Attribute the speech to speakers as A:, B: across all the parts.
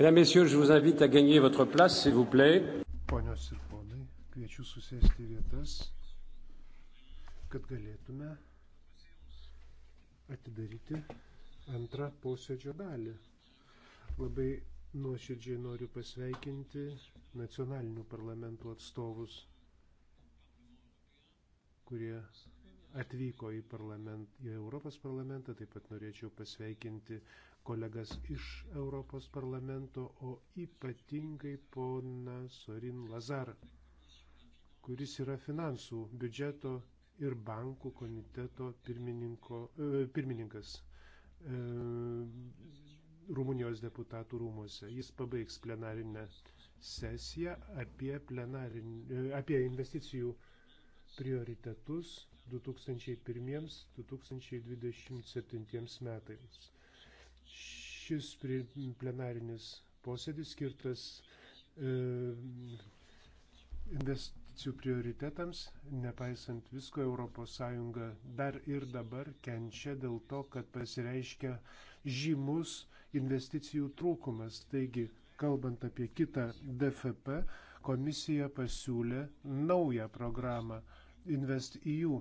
A: Mesdames, Messieurs, je vous invite à gagner votre place, s'il vous plaît.
B: Ponios ir ponai, kviečiu susėsti vietas, kad galėtume atidaryti antrą posėdžio dalį. Labai nuoširdžiai noriu pasveikinti nacionalinių parlamentų atstovus, kurie atvyko į, parlament, į Europos parlamentą. Taip pat norėčiau pasveikinti uh, kolegas iš Europos parlamento, o ypatingai pona Sorin Lazar, kuris yra finansų, biudžeto ir bankų komiteto e, pirmininkas e, Rumunijos deputatų rūmose. Jis pabaigs plenarinę sesiją apie, plenarin, e, apie investicijų prioritetus 2001-2027 metais. Šis plenarinis posėdis skirtas e, investicijų prioritetams, nepaisant visko, ES dar ir dabar kenčia dėl to, kad pasireiškia žymus investicijų trūkumas. Taigi, kalbant apie kitą DFP, komisija pasiūlė naują programą InvestEU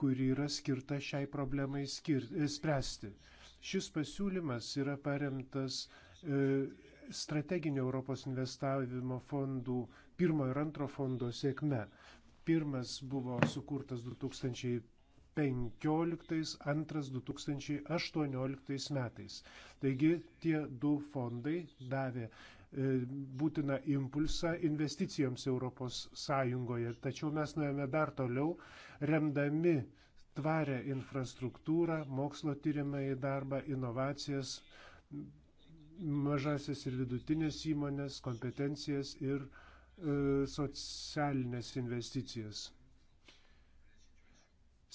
B: kuri yra skirta šiai problemai skir e, spręsti. Šis pasiūlymas yra paremtas e, strateginio Europos investavimo fondų pirmo ir antro fondo sėkme. Pirmas buvo sukurtas 2015, antras 2018 metais. Taigi tie du fondai davė E, būtiną impulsą investicijoms ES. Tačiau mes nuėjome dar toliau, remdami tvarę infrastruktūrą, mokslo tyrimai darbą, inovacijas, mažasis ir vidutinės įmonės, kompetencijas ir e, socialinės investicijas.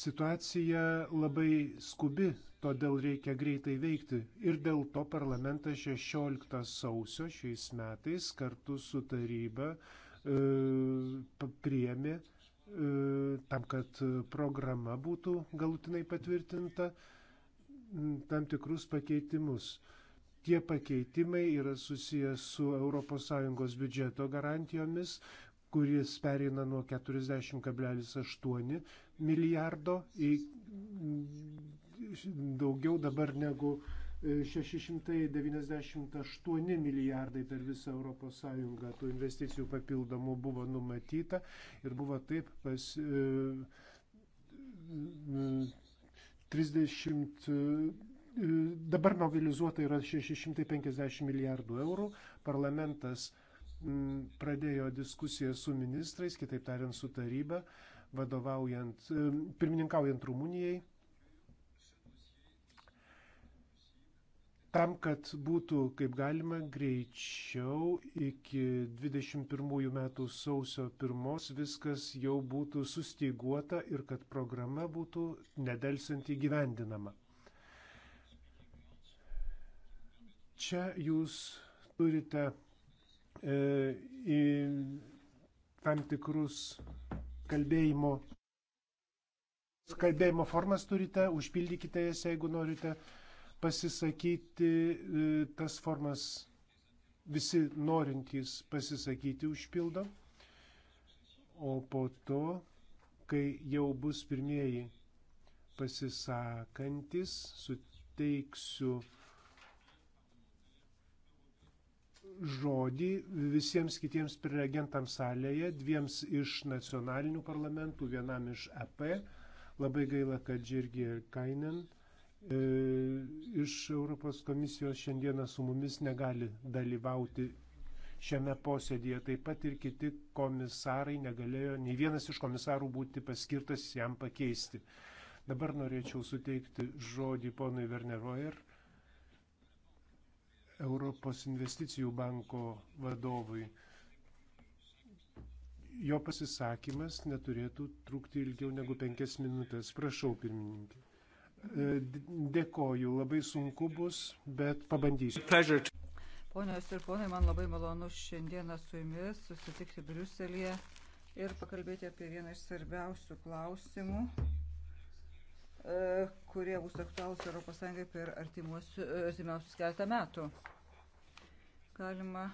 B: Situacija labai skubi todėl reikia greitai veikti. Ir dėl to parlamentas 16 sausio šiais metais kartu su taryba e, priemi e, tam, kad programa būtų galutinai patvirtinta, tam tikrus pakeitimus. Tie pakeitimai yra susijęs su ES biudžeto garantijomis, kuris pereina nuo 40,8 milijardo į daugiau dabar negu 698 e, milijardai per visą ES tų investicijų papildomų buvo numatyta ir buvo taip pas 30. E, e, dabar mobilizuota yra 650 milijardų eurų. Parlamentas pradėjo diskusiją su ministrais, kitaip tariant, su taryba, vadovaujant, pirmininkaujant Rumunijai tam, kad būtų kaip galima greičiau iki 21 metų sausio 1 viskas jau būtų sustiguota ir kad programa būtų nedelsiant įgyvendinama. Čia jūs turite e, į tam tikrus kalbėjimo, kalbėjimo formas turite, užpildykite jas, jeigu norite. E, pasisakyti e, tas formas visi norintys pasisakyti užpildo, o po to, kai jau bus pirmieji pasisakantis, suteiksiu žodį visiems kitiems prelegentams salėje, dviems iš nacionalinių parlamentų, vienam iš EP. Labai gaila, kad Džirgi Kainen E, iš Europos komisijos šiandieną su mumis negali dalyvauti šiame posėdėje. Taip pat ir kiti komisarai negalėjo, nei vienas iš komisarų būti paskirtas jam pakeisti. Dabar norėčiau suteikti žodį ponui Verneroer, Europos investicijų banko vadovui. Jo pasisakymas neturėtų trukti ilgiau negu penkias minutės. Prašau, pirmininkė. E, dėkoju, labai sunku bus, bet pabandysiu. Pleasure.
C: Ponios ir ponai, man labai malonu šiandieną su jumis susitikti Briuselėje ir pakalbėti apie vieną iš svarbiausių klausimų, e, kurie bus aktualūs ES per e, artimiausius keletą metų. Galima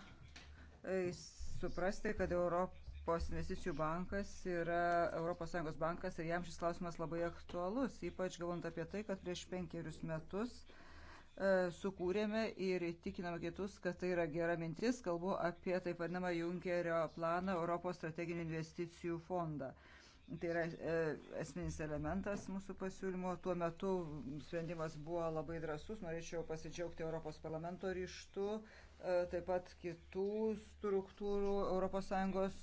C: suprasti, kad Europa Europos investicijų bankas yra ES bankas ir jam šis klausimas labai aktualus, ypač galvant apie tai, kad prieš penkerius metus e, sukūrėme ir įtikinome kitus, kad tai yra gera mintis, kalbu apie taip vadinamą Junkerio planą Europos strateginių investicijų fondą. Tai yra e, esminis elementas mūsų pasiūlymo. Tuo metu sprendimas buvo labai drasus. Norėčiau pasidžiaugti Europos parlamento ryštu, E, taip pat kitų struktūrų ES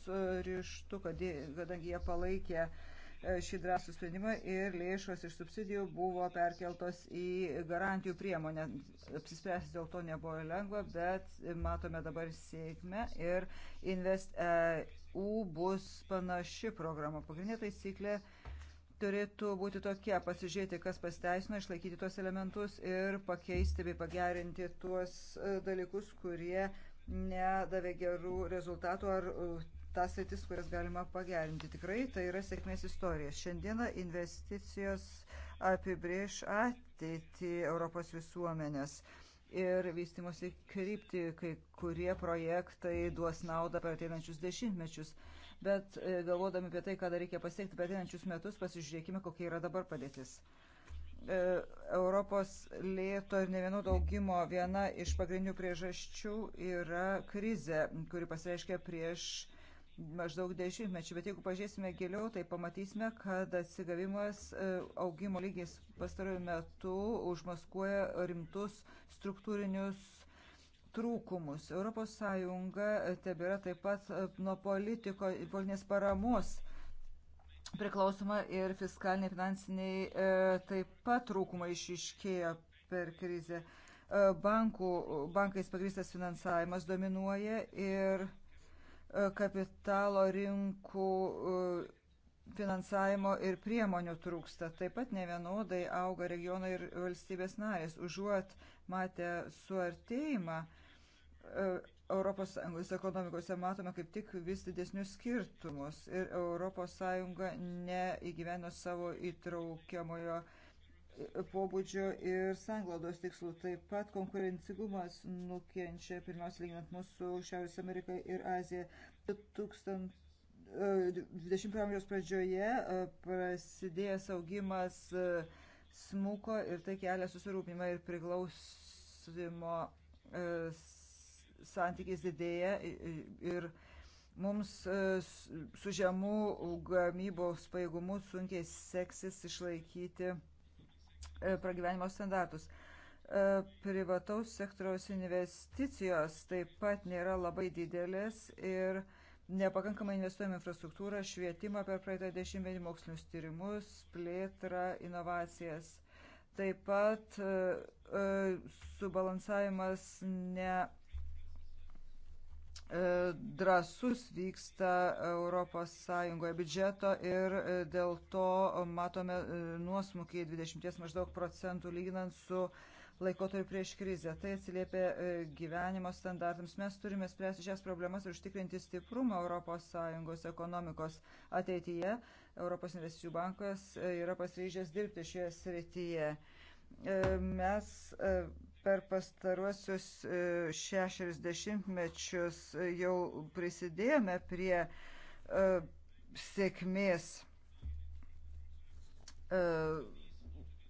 C: e, ryštų, kadangi jie palaikė e, šį drąsų sprendimą ir lėšos iš subsidijų buvo perkeltos į garantijų priemonę. Apsispręsti dėl to nebuvo lengva, bet matome dabar sėkmę ir InvestEU bus panaši programa. Pagrindinė taisyklė turėtų būti tokie - pasižiūrėti, kas pasiteisino, išlaikyti tuos elementus ir pakeisti bei pagerinti tuos e, dalykus, kurie nedavė gerų rezultatų ar e, tas sritis, kurias galima pagerinti. Tikrai tai yra sėkmės istorija. Šiandieną investicijos apibrieš ateitį Europos visuomenės ir vystimosi krypti, kai kurie projektai duos naudą per ateinančius dešimtmečius bet e, galvodami apie tai, ką dar reikia pasiekti per ateinančius metus, pasižiūrėkime, kokia yra dabar padėtis. E, Europos lėto ir nevienodo augimo viena iš pagrindinių priežasčių yra krizė, kuri pasireiškia prieš maždaug dešimtmečių, bet jeigu pažiūrėsime giliau, tai pamatysime, kad atsigavimas e, augimo lygis pastarojų metų užmaskuoja rimtus struktūrinius trūkumus. ES tebėra taip pat e, nuo politiko, politinės paramos priklausoma ir fiskaliniai, finansiniai e, taip pat trūkumai išiškėjo per krizę. E, bankų, bankais pagrįstas finansavimas dominuoja ir kapitalo rinkų finansavimo ir priemonių trūksta. Taip pat nevienodai auga regionai ir valstybės narės. Užuot matę suartėjimą, ES ekonomikose matome kaip tik vis didesnius skirtumus ir ES neįgyveno savo įtraukiamojo e, pobūdžio ir sanglaudos tikslų. Taip pat konkurencigumas nukenčia, pirmiausia, lyginant mūsų Šiaurės Ameriką ir Aziją. 2000 20 amžiaus pradžioje e, prasidėjęs augimas e, smuko ir tai kelia susirūpinimą ir priglausimo e, santykis didėja ir mums su žemų gamybos pajėgumu sunkiai seksis išlaikyti pragyvenimo standartus. Privataus sektoriaus investicijos taip pat nėra labai didelės ir uh, Nepakankamai investuojame infrastruktūrą, švietimą per praeitą dešimtmetį, mokslinius tyrimus, plėtrą, inovacijas. Taip pat e, e, subalansavimas ne e, drasus vyksta ES biudžeto ir dėl to matome nuosmukį 20 maždaug procentų lyginant su uh, laikotarpiu prieš krizę. Tai atsiliepia e, gyvenimo standartams. Mes turime spręsti šias problemas ir užtikrinti stiprumą ES ekonomikos ateityje. Europos investicijų bankas e, yra pasiryžęs dirbti šioje srityje. E, mes per pastaruosius šešerius dešimtmečius jau prisidėjome prie sėkmės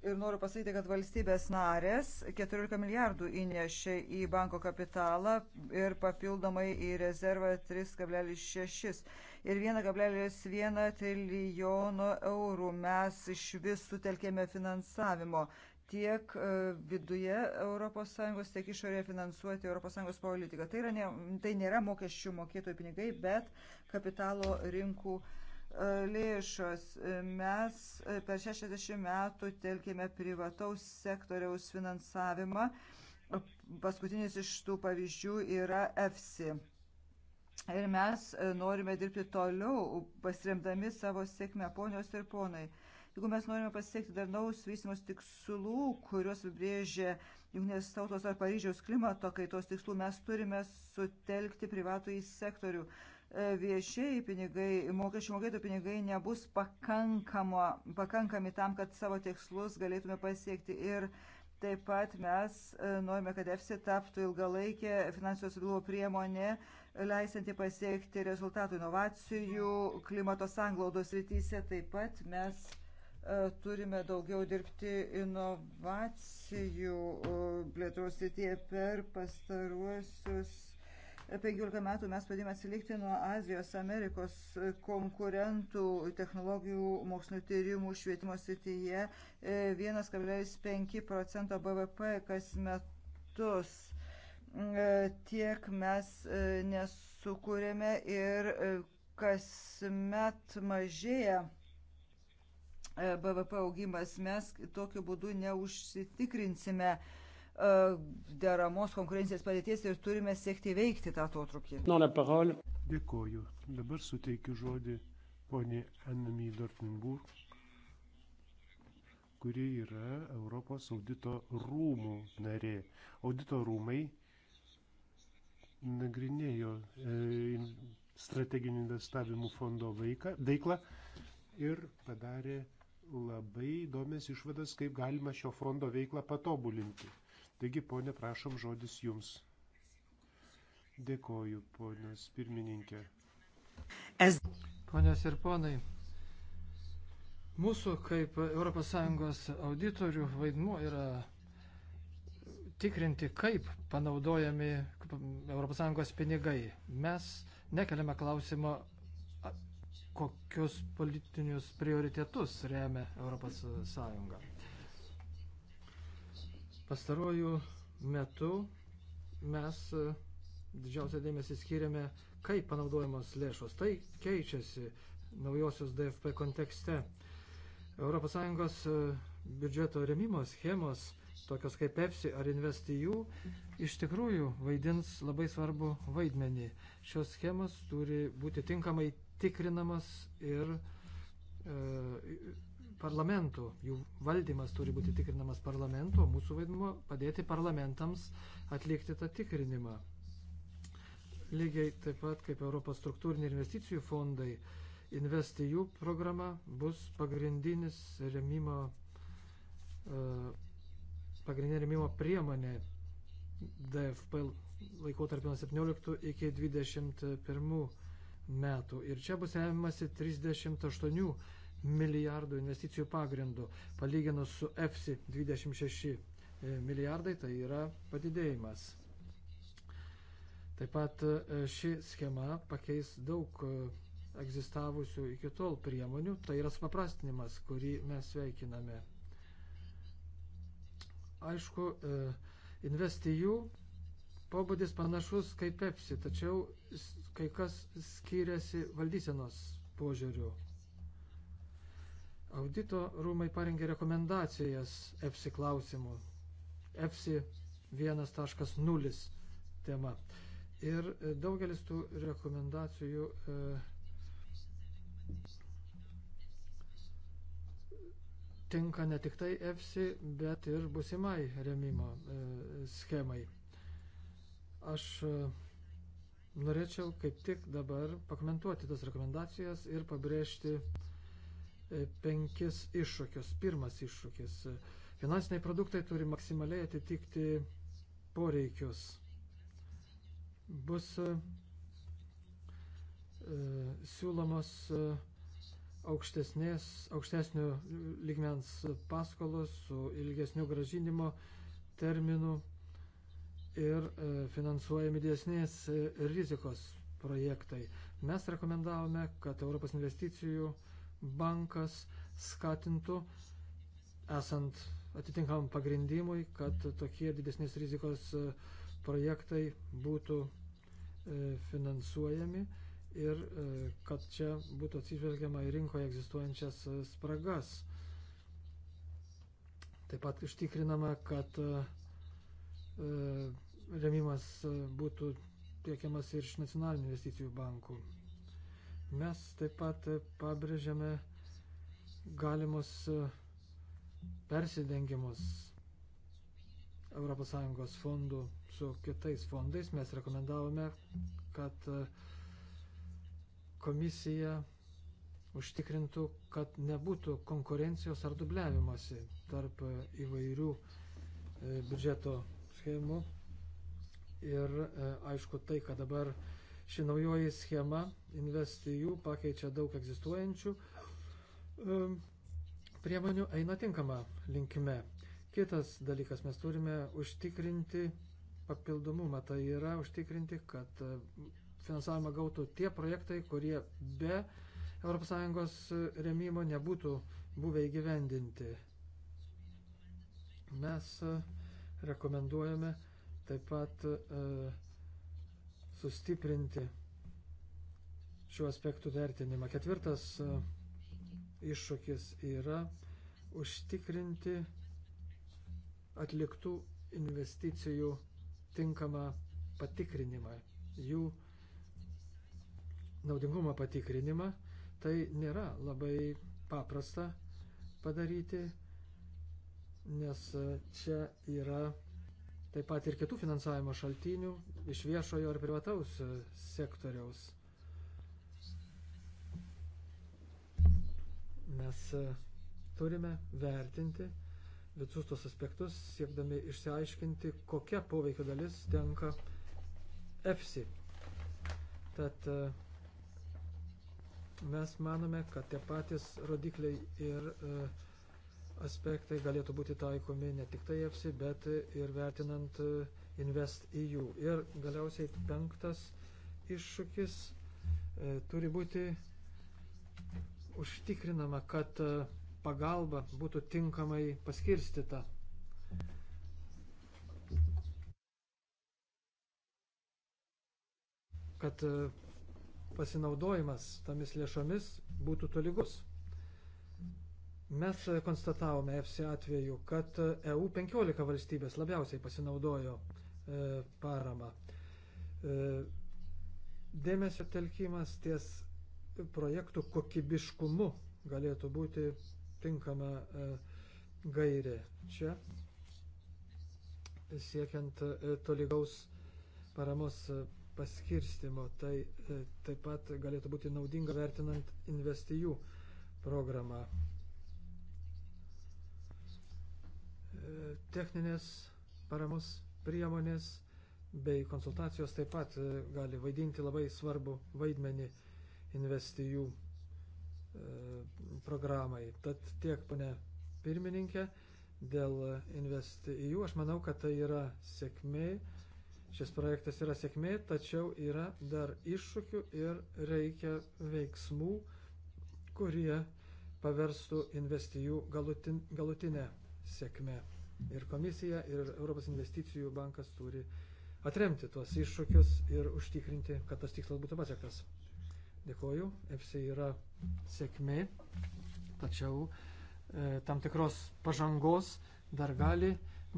C: Ir noriu pasakyti, kad valstybės narės 14 milijardų įnešė į banko kapitalą ir papildomai į rezervą 3,6 ir 1,1 trilijono eurų mes iš vis sutelkėme finansavimo tiek e, viduje ES, tiek išorėje finansuoti ES politiką. Tai, yra ne, tai nėra mokesčių mokėtojų pinigai, bet kapitalo rinkų pinigai lėšos. Mes e, per 60 metų telkėme privataus sektoriaus finansavimą. Paskutinis iš tų pavyzdžių yra EFSI. Ir mes e, norime dirbti toliau, pasiremdami savo sėkmę, ponios ir ponai. Jeigu mes norime pasiekti darnaus vystimus tikslų, kuriuos apibrėžė Junktinės tautos ar Paryžiaus klimato kaitos tikslų, mes turime sutelkti privatų į sektorių. Uh, E, viešieji pinigai, mokesčių mokėtų pinigai nebus pakankami tam, kad savo tikslus galėtume pasiekti. Ir taip pat mes e, norime, kad EFSI taptų ilgalaikė finansinio stabilumo priemonė, leisanti pasiekti rezultatų inovacijų klimato sanglaudos rytise. Taip pat mes e, turime daugiau dirbti inovacijų plėtros rytyje per pastaruosius 15 metų mes padėjome atsilikti nuo Azijos, Amerikos konkurentų technologijų, mokslinio tyrimų, švietimo srityje 1,5 e, procento BVP kas metus. E, tiek mes e, nesukūrėme ir kasmet mažėja BVP augimas. Mes tokiu būdu neužsitikrinsime uh, E, deramos konkurencijos padėties ir turime siekti veikti tą atotrukį.
B: Dėkoju. Dabar suteikiu žodį poniai Annamy Dortmundburg, kuri yra Europos audito rūmų narė. Audito rūmai nagrinėjo e, strateginių investavimų fondo vaiką, veiklą ir padarė labai įdomias išvadas, kaip galima šio fondo veiklą patobulinti. Taigi, ponė, prašom žodis jums. Dėkoju, ponas pirmininkė.
D: Ponės ir ponai, mūsų kaip ES auditorių vaidmuo yra tikrinti, kaip panaudojami ES pinigai. Mes nekeliame klausimo, kokius politinius prioritetus remia ES. Pastaruoju metu mes e, didžiausią dėmesį skiriame, kaip panaudojamos lėšos. Tai keičiasi naujosios DFP kontekste. ES e, biudžeto remimo schemos, tokios kaip EFSI ar investijų, e iš tikrųjų vaidins labai svarbu vaidmenį. Šios schemos turi būti tinkamai tikrinamas ir e, parlamentų, jų valdymas turi būti tikrinamas parlamento, mūsų vaidmuo padėti parlamentams atlikti tą tikrinimą. Lygiai taip pat kaip Europos struktūriniai investicijų fondai, investijų e programa bus pagrindinis remimo, e, pagrindinė remimo priemonė DFP laikotarpio 17 iki 21 metų. Ir čia bus remiamasi 38 milijardų investicijų pagrindų. Palyginus su EFSI 26 e, milijardai, tai yra padidėjimas. Taip pat e, ši schema pakeis daug e, egzistavusių iki tol priemonių, tai yra supaprastinimas, kurį mes sveikiname. Aišku, investijų pobūdis panašus kaip EPSI, tačiau kai kas skiriasi valdysenos požiūriu. Audito rūmai parengė rekomendacijas EFSI klausimų. EFSI 1.0 tema. Ir e, daugelis tų rekomendacijų e, tinka ne tik tai EFSI, bet ir busimai remimo e, schemai. Aš e, norėčiau kaip tik dabar pakomentuoti tas rekomendacijas ir pabrėžti e, penkis iššūkius. Pirmas iššūkis. Finansiniai produktai turi maksimaliai atitikti poreikius. Bus e, siūlomos e, aukštesnės, aukštesnio lygmens paskolos su ilgesniu gražinimo terminu ir e, finansuojami dėsnės e, rizikos projektai. Mes rekomendavome, kad Europos investicijų e, bankas skatintų, esant atitinkamam pagrindimui, kad tokie didesnės rizikos e, projektai būtų e, finansuojami ir e, kad čia būtų atsižvelgiama į rinkoje egzistuojančias spragas. Taip pat užtikrinama, kad remimas būtų tiekiamas ir iš nacionalinių investicijų bankų. Mes taip pat pabrėžiame galimus e, persidengimus ES fondų su kitais fondais. Mes rekomendavome, kad e, komisija užtikrintų, kad nebūtų konkurencijos ar dubliavimosi tarp įvairių e, biudžeto schemų. Ir aišku tai, kad dabar Ši naujoji schema investijų pakeičia daug egzistuojančių um, priemonių, eina tinkama linkme. Kitas dalykas, mes turime užtikrinti papildomumą, tai yra užtikrinti, kad um, finansavimą gautų tie projektai, kurie be ES remimo nebūtų buvę įgyvendinti. Mes uh, rekomenduojame taip pat uh, sustiprinti šiuo aspektu vertinimą. Ketvirtas e, iššūkis yra užtikrinti atliktų investicijų tinkamą patikrinimą, jų naudingumo patikrinimą. Tai nėra labai paprasta padaryti, nes e, čia yra taip pat ir kitų finansavimo šaltinių iš viešojo ar privataus e, sektoriaus. Mes e, turime vertinti visus tos aspektus, siekdami išsiaiškinti, kokia poveikio dalis tenka EFSI. Tad e, mes manome, kad tie patys rodikliai ir uh, aspektai galėtų būti taikomi ne tik tai EFSI, bet ir vertinant e, Invest EU. Ir galiausiai penktas iššūkis e, turi būti užtikrinama, kad e, pagalba būtų tinkamai paskirstita. Kad pasinaudojimas tamis lėšomis būtų tolygus. Mes konstatavome EFSI atveju, kad EU 15 valstybės labiausiai pasinaudojo e, parama. E, dėmesio telkimas ties projektų kokybiškumu galėtų būti tinkama e, gairė. Čia siekiant e, tolygaus paramos paskirstimo, tai e, taip pat galėtų būti naudinga vertinant investijų programą. techninės paramos priemonės bei konsultacijos taip pat e, gali vaidinti labai svarbu vaidmenį investijų e, programai. Tad tiek, pane pirmininkė, dėl investijų. Aš manau, kad tai yra sėkmė. Šis projektas yra sėkmė, tačiau yra dar iššūkių ir reikia veiksmų, kurie paverstų investijų galutin, galutinę sėkmę. Ir komisija, ir Europos investicijų bankas turi atremti tuos iššūkius ir užtikrinti, kad tas tikslas būtų pasiektas. Dėkoju, EFSI yra sėkmė, tačiau e, tam tikros pažangos dar gali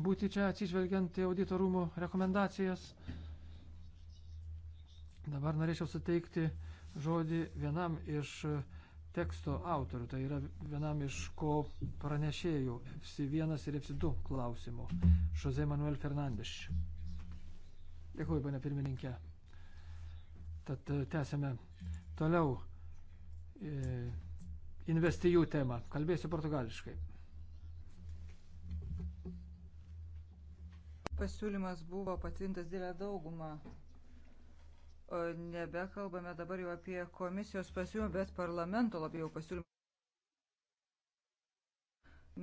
D: būti čia atsižvelgiant į auditorumo rekomendacijas. Dabar norėčiau suteikti žodį vienam iš e, teksto autorių, tai yra vienam iš ko pranešėjų FC1 ir FC2 klausimų, Šozė Manuel Fernandes. Dėkuoju, pane pirmininkė. Tad e, tęsime toliau e, investijų temą. Kalbėsiu portugališkai.
C: Pasiūlymas buvo patvirtintas didelę daugumą nebekalbame dabar jau apie komisijos pasiūlymą, bet parlamento labiau pasiūlymą.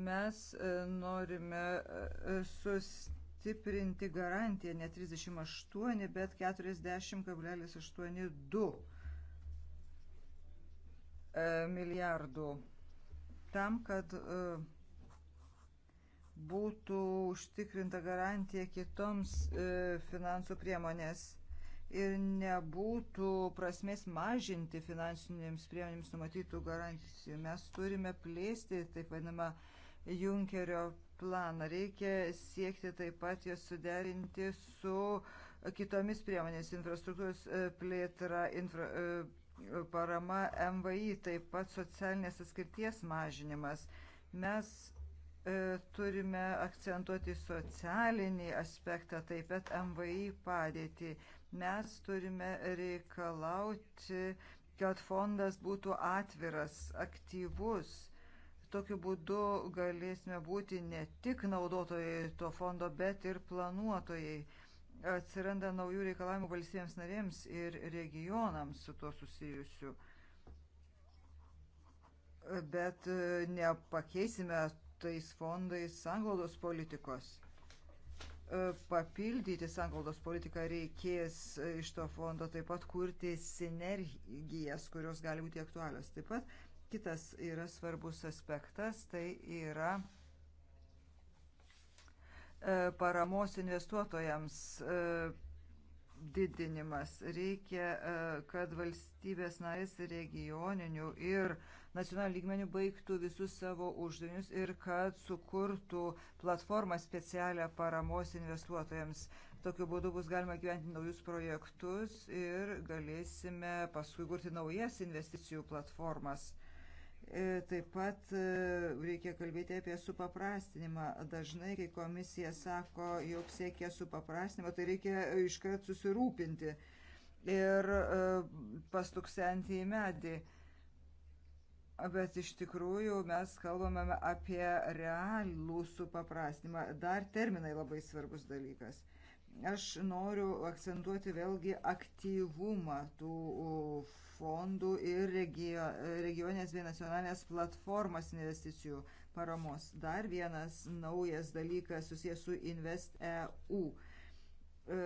C: Mes e, norime e, sustiprinti garantiją ne 38, bet 40,82 e, milijardų tam, kad būtų užtikrinta garantija kitoms finansų priemonės ir nebūtų prasmės mažinti finansinėms priemonėms numatytų garantijų. Mes turime plėsti taip vadinamą Junkerio planą. Reikia siekti taip pat jas suderinti su kitomis priemonės infrastruktūros e, plėtra, infra, e, parama MVI, taip pat socialinės atskirties mažinimas. Mes e, turime akcentuoti socialinį aspektą, taip pat MVI padėtį. Mes turime reikalauti, kad fondas būtų atviras, aktyvus. Tokiu būdu galėsime būti ne tik naudotojai to fondo, bet ir planuotojai. Atsiranda naujų reikalavimų valstybėms narėms ir regionams su tuo susijusiu. Bet nepakeisime tais fondais sanglaudos politikos. E, papildyti sanglaudos politiką, reikės e, iš to fondo taip pat kurti sinergijas, kurios gali būti aktualios. Taip pat kitas yra svarbus aspektas, tai yra e, paramos investuotojams didinimas. Reikia, kad valstybės narės regioninių ir nacionaliniu lygmeniu baigtų visus savo uždavinius ir kad sukurtų platformą specialią paramos investuotojams. Tokiu būdu bus galima gyventi naujus projektus ir galėsime paskui kurti naujas investicijų platformas. E, taip pat e, reikia kalbėti apie supaprastinimą. Dažnai, kai komisija sako, jog siekia supaprastinimo, tai reikia iškart susirūpinti ir e, pastuksenti į medį. Bet iš tikrųjų mes kalbame apie realų supaprastinimą. Dar terminai labai svarbus dalykas. Aš noriu akcentuoti vėlgi aktyvumą tų fondų ir regio, regionės bei nacionalinės platformas investicijų paramos. Dar vienas naujas dalykas susijęs su InvestEU e,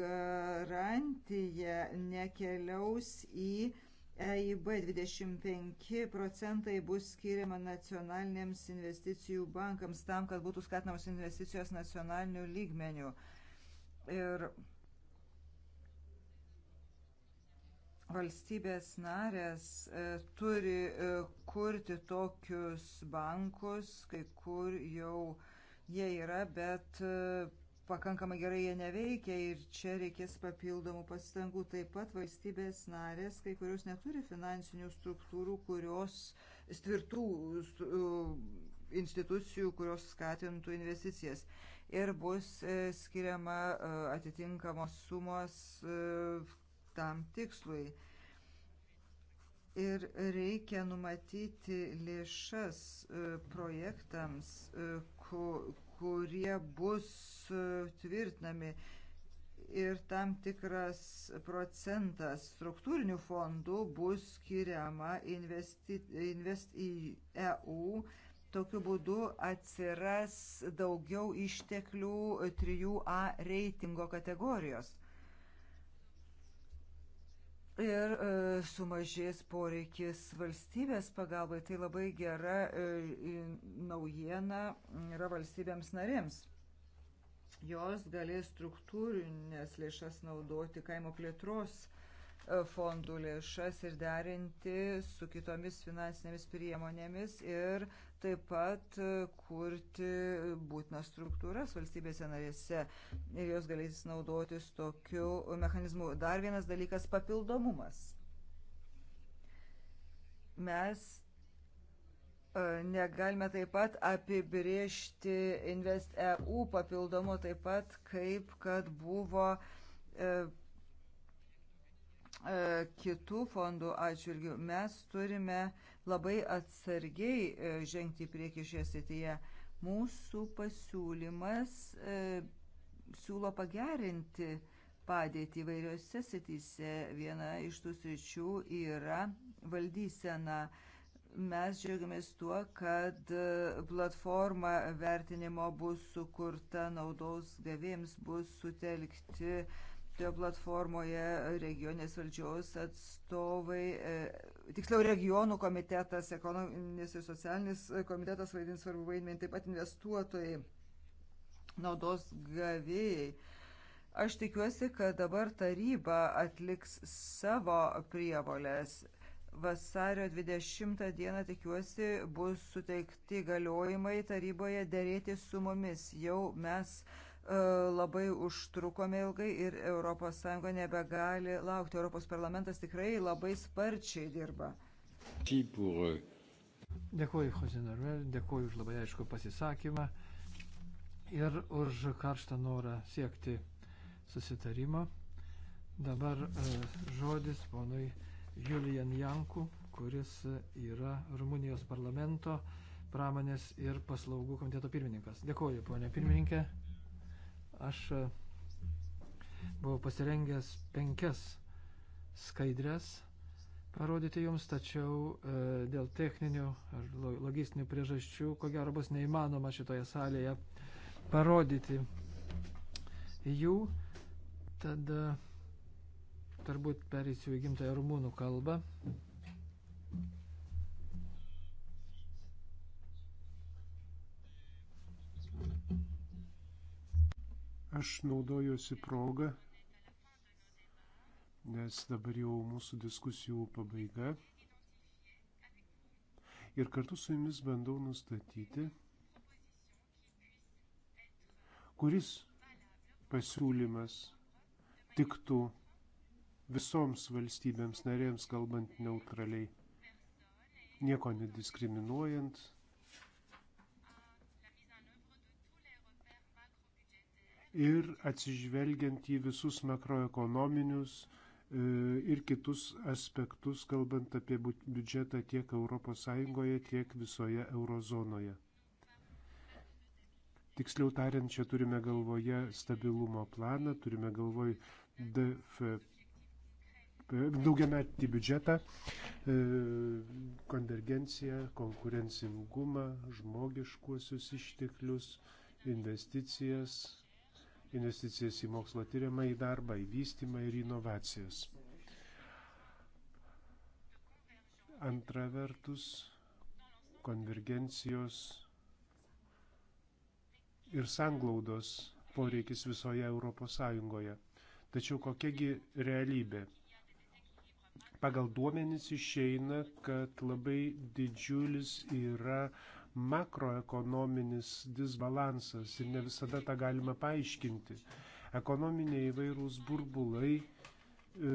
C: garantija nekeliaus į EIB 25 procentai bus skiriama nacionalinėms investicijų bankams tam, kad būtų skatinamos investicijos nacionalinių lygmenių. Ir valstybės narės e, turi e, kurti tokius bankus, kai kur jau jie yra, bet e, pakankamai gerai jie neveikia ir čia reikės papildomų pastangų. Taip pat valstybės narės, kai kurios neturi finansinių struktūrų, kurios tvirtų institucijų, kurios skatintų investicijas. Ir bus e, skiriama e, atitinkamos sumos e, tam tikslui. Ir reikia numatyti lėšas projektams, kurie bus e, tvirtinami ir tam tikras procentas struktūrinių fondų bus skiriama investi, invest į EU. Tokiu būdu atsiras daugiau išteklių 3A reitingo kategorijos. Ir e, sumažės poreikis valstybės pagalbai. Tai labai gera e, naujiena yra valstybėms narėms. Jos galės struktūrinės lėšas naudoti kaimo plėtros e, fondų lėšas ir derinti su kitomis finansinėmis priemonėmis ir taip pat e, kurti būtinas struktūras valstybėse narėse ir jos galės naudotis tokiu mechanizmu. Dar vienas dalykas - papildomumas. Mes e, negalime taip pat apibriežti InvestEU papildomo taip pat, kaip kad buvo e, kitų fondų atžvilgių. Mes turime uh, labai atsargiai e, žengti į priekį šioje srityje. Mūsų pasiūlymas e, siūlo pagerinti padėtį įvairiose srityse. Viena iš tų sričių yra valdysena. Mes džiaugiamės tuo, kad e, platforma vertinimo bus sukurta naudos gavėjams, bus sutelkti toje platformoje regionės valdžios atstovai, tiksliau regionų komitetas, ekonominis ir socialinis komitetas vaidins svarbu vaidmenį, taip pat investuotojai, naudos gavėjai. Aš tikiuosi, kad dabar taryba atliks savo prievolės. Vasario 20 dieną tikiuosi bus suteikti galiojimai taryboje dėrėti su mumis. Jau mes uh, E, labai užtrukome ilgai ir ES nebegali laukti. Europos parlamentas tikrai labai sparčiai dirba.
D: Euh, dėkuoju, Jose Norvel, dėkuoju už labai aišku pasisakymą ir už karštą norą siekti susitarimo. Dabar e, žodis ponui Julian Janku, kuris yra Rumunijos parlamento pramonės ir paslaugų komiteto pirmininkas. Dėkuoju, ponė pirmininkė. Aš e, buvau pasirengęs penkias skaidrės parodyti jums, tačiau e, dėl techninių ar logistinių priežasčių, ko gero bus neįmanoma šitoje salėje parodyti jų. Tad turbūt perėsiu į gimtąją rumūnų kalbą.
B: Aš naudojuosi progą, nes dabar jau mūsų diskusijų pabaiga. Ir kartu su jumis bandau nustatyti, kuris pasiūlymas tiktų visoms valstybėms narėms, kalbant neutraliai, nieko nediskriminuojant, ir atsižvelgiant į visus makroekonominius e, ir kitus aspektus, kalbant apie biudžetą tiek ES, tiek visoje eurozonoje. Tiksliau tariant, čia turime galvoje stabilumo planą, turime galvoje DFP daugiametį biudžetą, e, konvergenciją, konkurencingumą, žmogiškuosius išteklius, investicijas, investicijas į mokslo tyrimą, į darbą, į vystimą ir inovacijas. Antra vertus, konvergencijos ir sanglaudos poreikis visoje Europos Sąjungoje. Tačiau kokiagi realybė? Pagal duomenys išeina, kad labai didžiulis yra uh, makroekonominis disbalansas ir ne visada tą galima paaiškinti. Ekonominiai įvairūs burbulai e,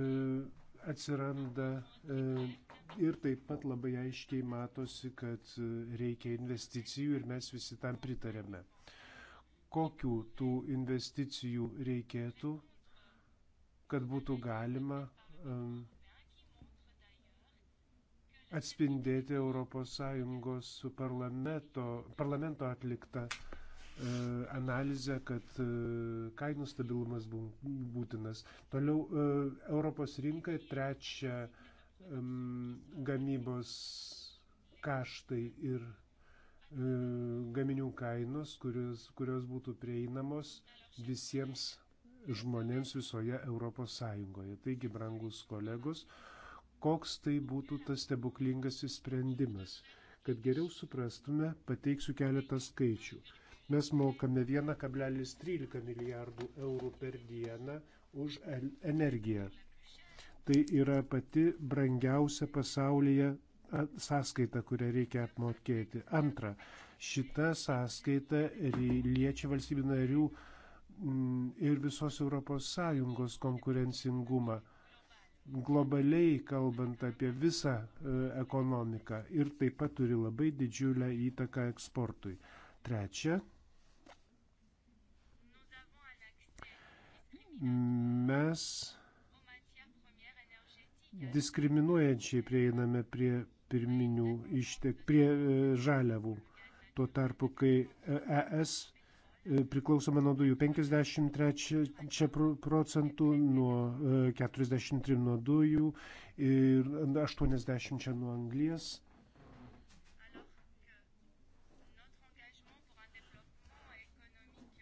B: atsiranda e, ir taip pat labai aiškiai matosi, kad e, reikia investicijų ir mes visi tam pritarėme. Kokių tų investicijų reikėtų, kad būtų galima um, e, atspindėti ES parlamento, parlamento atliktą e, analizę, kad e, kainų stabilumas būtinas. Toliau e, Europos rinka, trečia gamybos kaštai ir gaminių kainos, kurios, kurios būtų prieinamos visiems žmonėms visoje Europos Sąjungoje. Taigi, brangus kolegos, koks tai būtų tas stebuklingas sprendimas. Kad geriau suprastume, pateiksiu keletą skaičių. Mes mokame 1,13 milijardų eurų per dieną už energiją. Tai yra pati brangiausia pasaulyje sąskaita, kurią reikia apmokėti. Antra, šita sąskaita liečia valstybių narių ir visos ES konkurencingumą globaliai kalbant apie visą e, ekonomiką ir taip pat turi labai didžiulę įtaką eksportui. Trečia, mes diskriminuojančiai prieiname prie pirminių ištek, prie e, žaliavų. Tuo tarpu, kai ES e E, priklausome nuo dujų 53 procentų, nuo 43 e, nuo dujų ir 80 nuo anglies.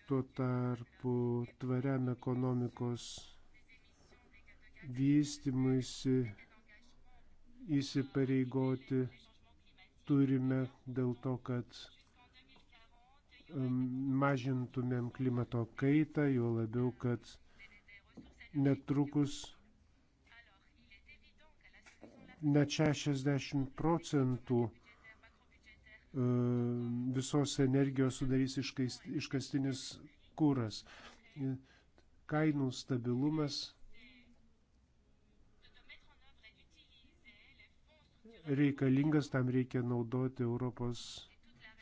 B: Tuo tarpu tvariam ekonomikos vystimuisi įsipareigoti turime dėl to, kad mažintumėm klimato kaitą, juo labiau, kad netrukus net 60 procentų e, visos energijos sudarys iškastinis kūras. E, kainų stabilumas reikalingas, tam reikia naudoti Europos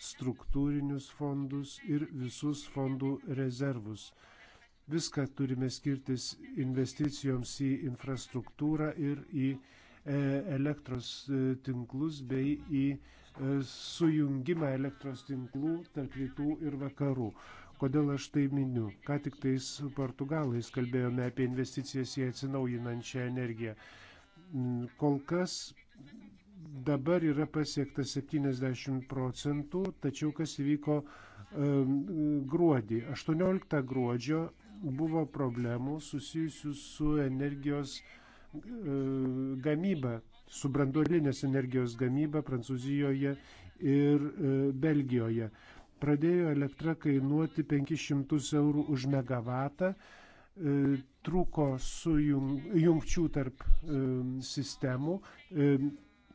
B: struktūrinius fondus ir visus fondų rezervus. Viską turime skirtis investicijoms į infrastruktūrą ir į e, elektros e, tinklus bei į e, sujungimą elektros tinklų tarp rytų ir vakarų. Kodėl aš tai miniu? Ką tik tai su portugalais kalbėjome apie investicijas į atsinaujinančią energiją. Kol kas dabar yra pasiekta 70 procentų, tačiau kas įvyko gruodį. 18 gruodžio buvo problemų susijusių su energijos e, gamyba, su branduolinės energijos gamyba Prancūzijoje ir e, Belgijoje. Pradėjo elektra kainuoti 500 eurų už megavatą, e, trūko su jungčių tarp sistemų,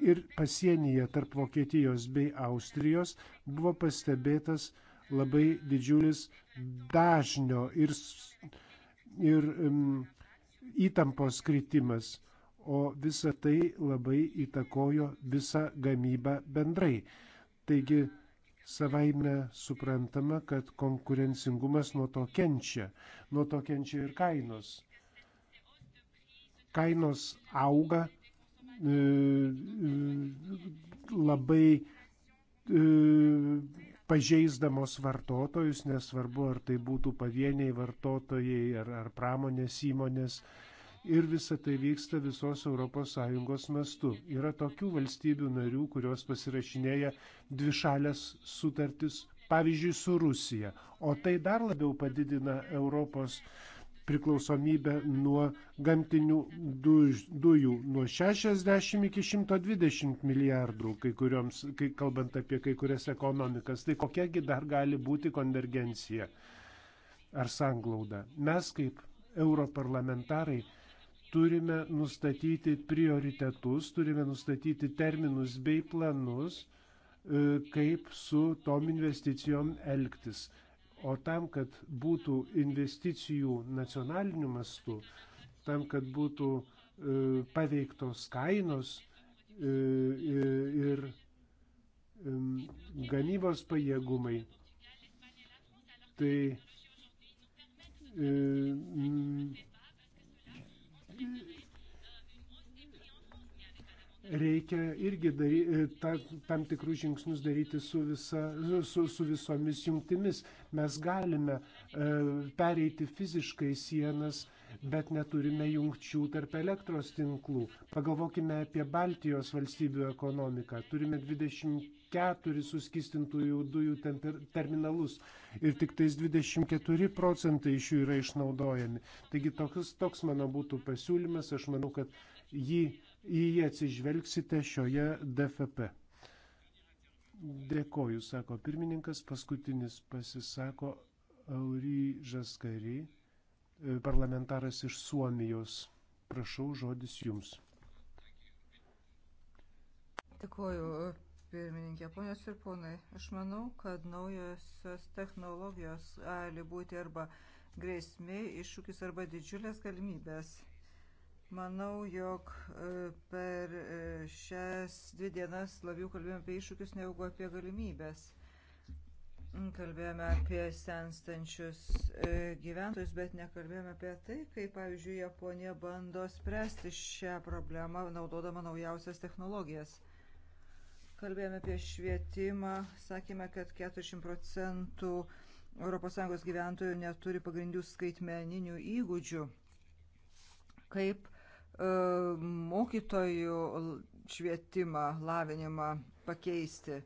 B: ir pasienyje tarp Vokietijos bei Austrijos buvo pastebėtas labai didžiulis dažnio ir, ir um, įtampos kritimas, o visa tai labai įtakojo visą gamybą bendrai. Taigi savaime suprantama, kad konkurencingumas nuo to kenčia, nuo to kenčia ir kainos. Kainos auga, E, e, labai e, pažeisdamos vartotojus, nesvarbu ar tai būtų pavieniai vartotojai ar, ar pramonės įmonės. Ir visa tai vyksta visos ES mastu. Yra tokių valstybių narių, kurios pasirašinėja dvišalės sutartis, pavyzdžiui, su Rusija. O tai dar labiau padidina Europos uh, priklausomybę nuo gamtinių duž, dujų nuo 60 iki 120 milijardų, kai kurioms, kai kalbant apie kai kurias ekonomikas. Tai kokiagi dar gali būti konvergencija ar sanglauda? Mes kaip europarlamentarai turime nustatyti prioritetus, turime nustatyti terminus bei planus, e, kaip su tom investicijom elgtis O tam, kad būtų investicijų nacionaliniu mastu, tam, kad būtų e, paveiktos kainos e, ir e, gamybos pajėgumai, tai e, m, reikia irgi dary, ta, tam tikrus žingsnius daryti su, visa, su, su visomis jungtimis. Mes galime e, pereiti fiziškai sienas, bet neturime jungčių tarp elektros tinklų. Pagalvokime apie Baltijos valstybių ekonomiką. Turime 24 suskistintųjų dujų temper, terminalus ir tik tais 24 procentai iš jų yra išnaudojami. Taigi toks, toks mano būtų pasiūlymas. Aš manau, kad jį į jį atsižvelgsite šioje DFP. Dėkoju, sako pirmininkas, paskutinis pasisako Aury Žaskari, e, parlamentaras iš Suomijos. Prašau, žodis jums.
C: Dėkoju, pirmininkė, ponios ir ponai. Aš manau, kad naujosios technologijos gali būti arba grėsmė, iššūkis arba didžiulės galimybės. Manau, jog e, per e, šias dvi dienas labiau kalbėjome apie iššūkius negu apie galimybės. Mm, kalbėjome apie senstančius e, gyventojus, bet nekalbėjome apie tai, kaip, pavyzdžiui, Japonija bando spręsti šią problemą, naudodama naujausias technologijas. Kalbėjome apie švietimą, sakėme, kad 40 procentų ES gyventojų neturi pagrindinių skaitmeninių įgūdžių. Kaip E, mokytojų švietimą, lavinimą pakeisti.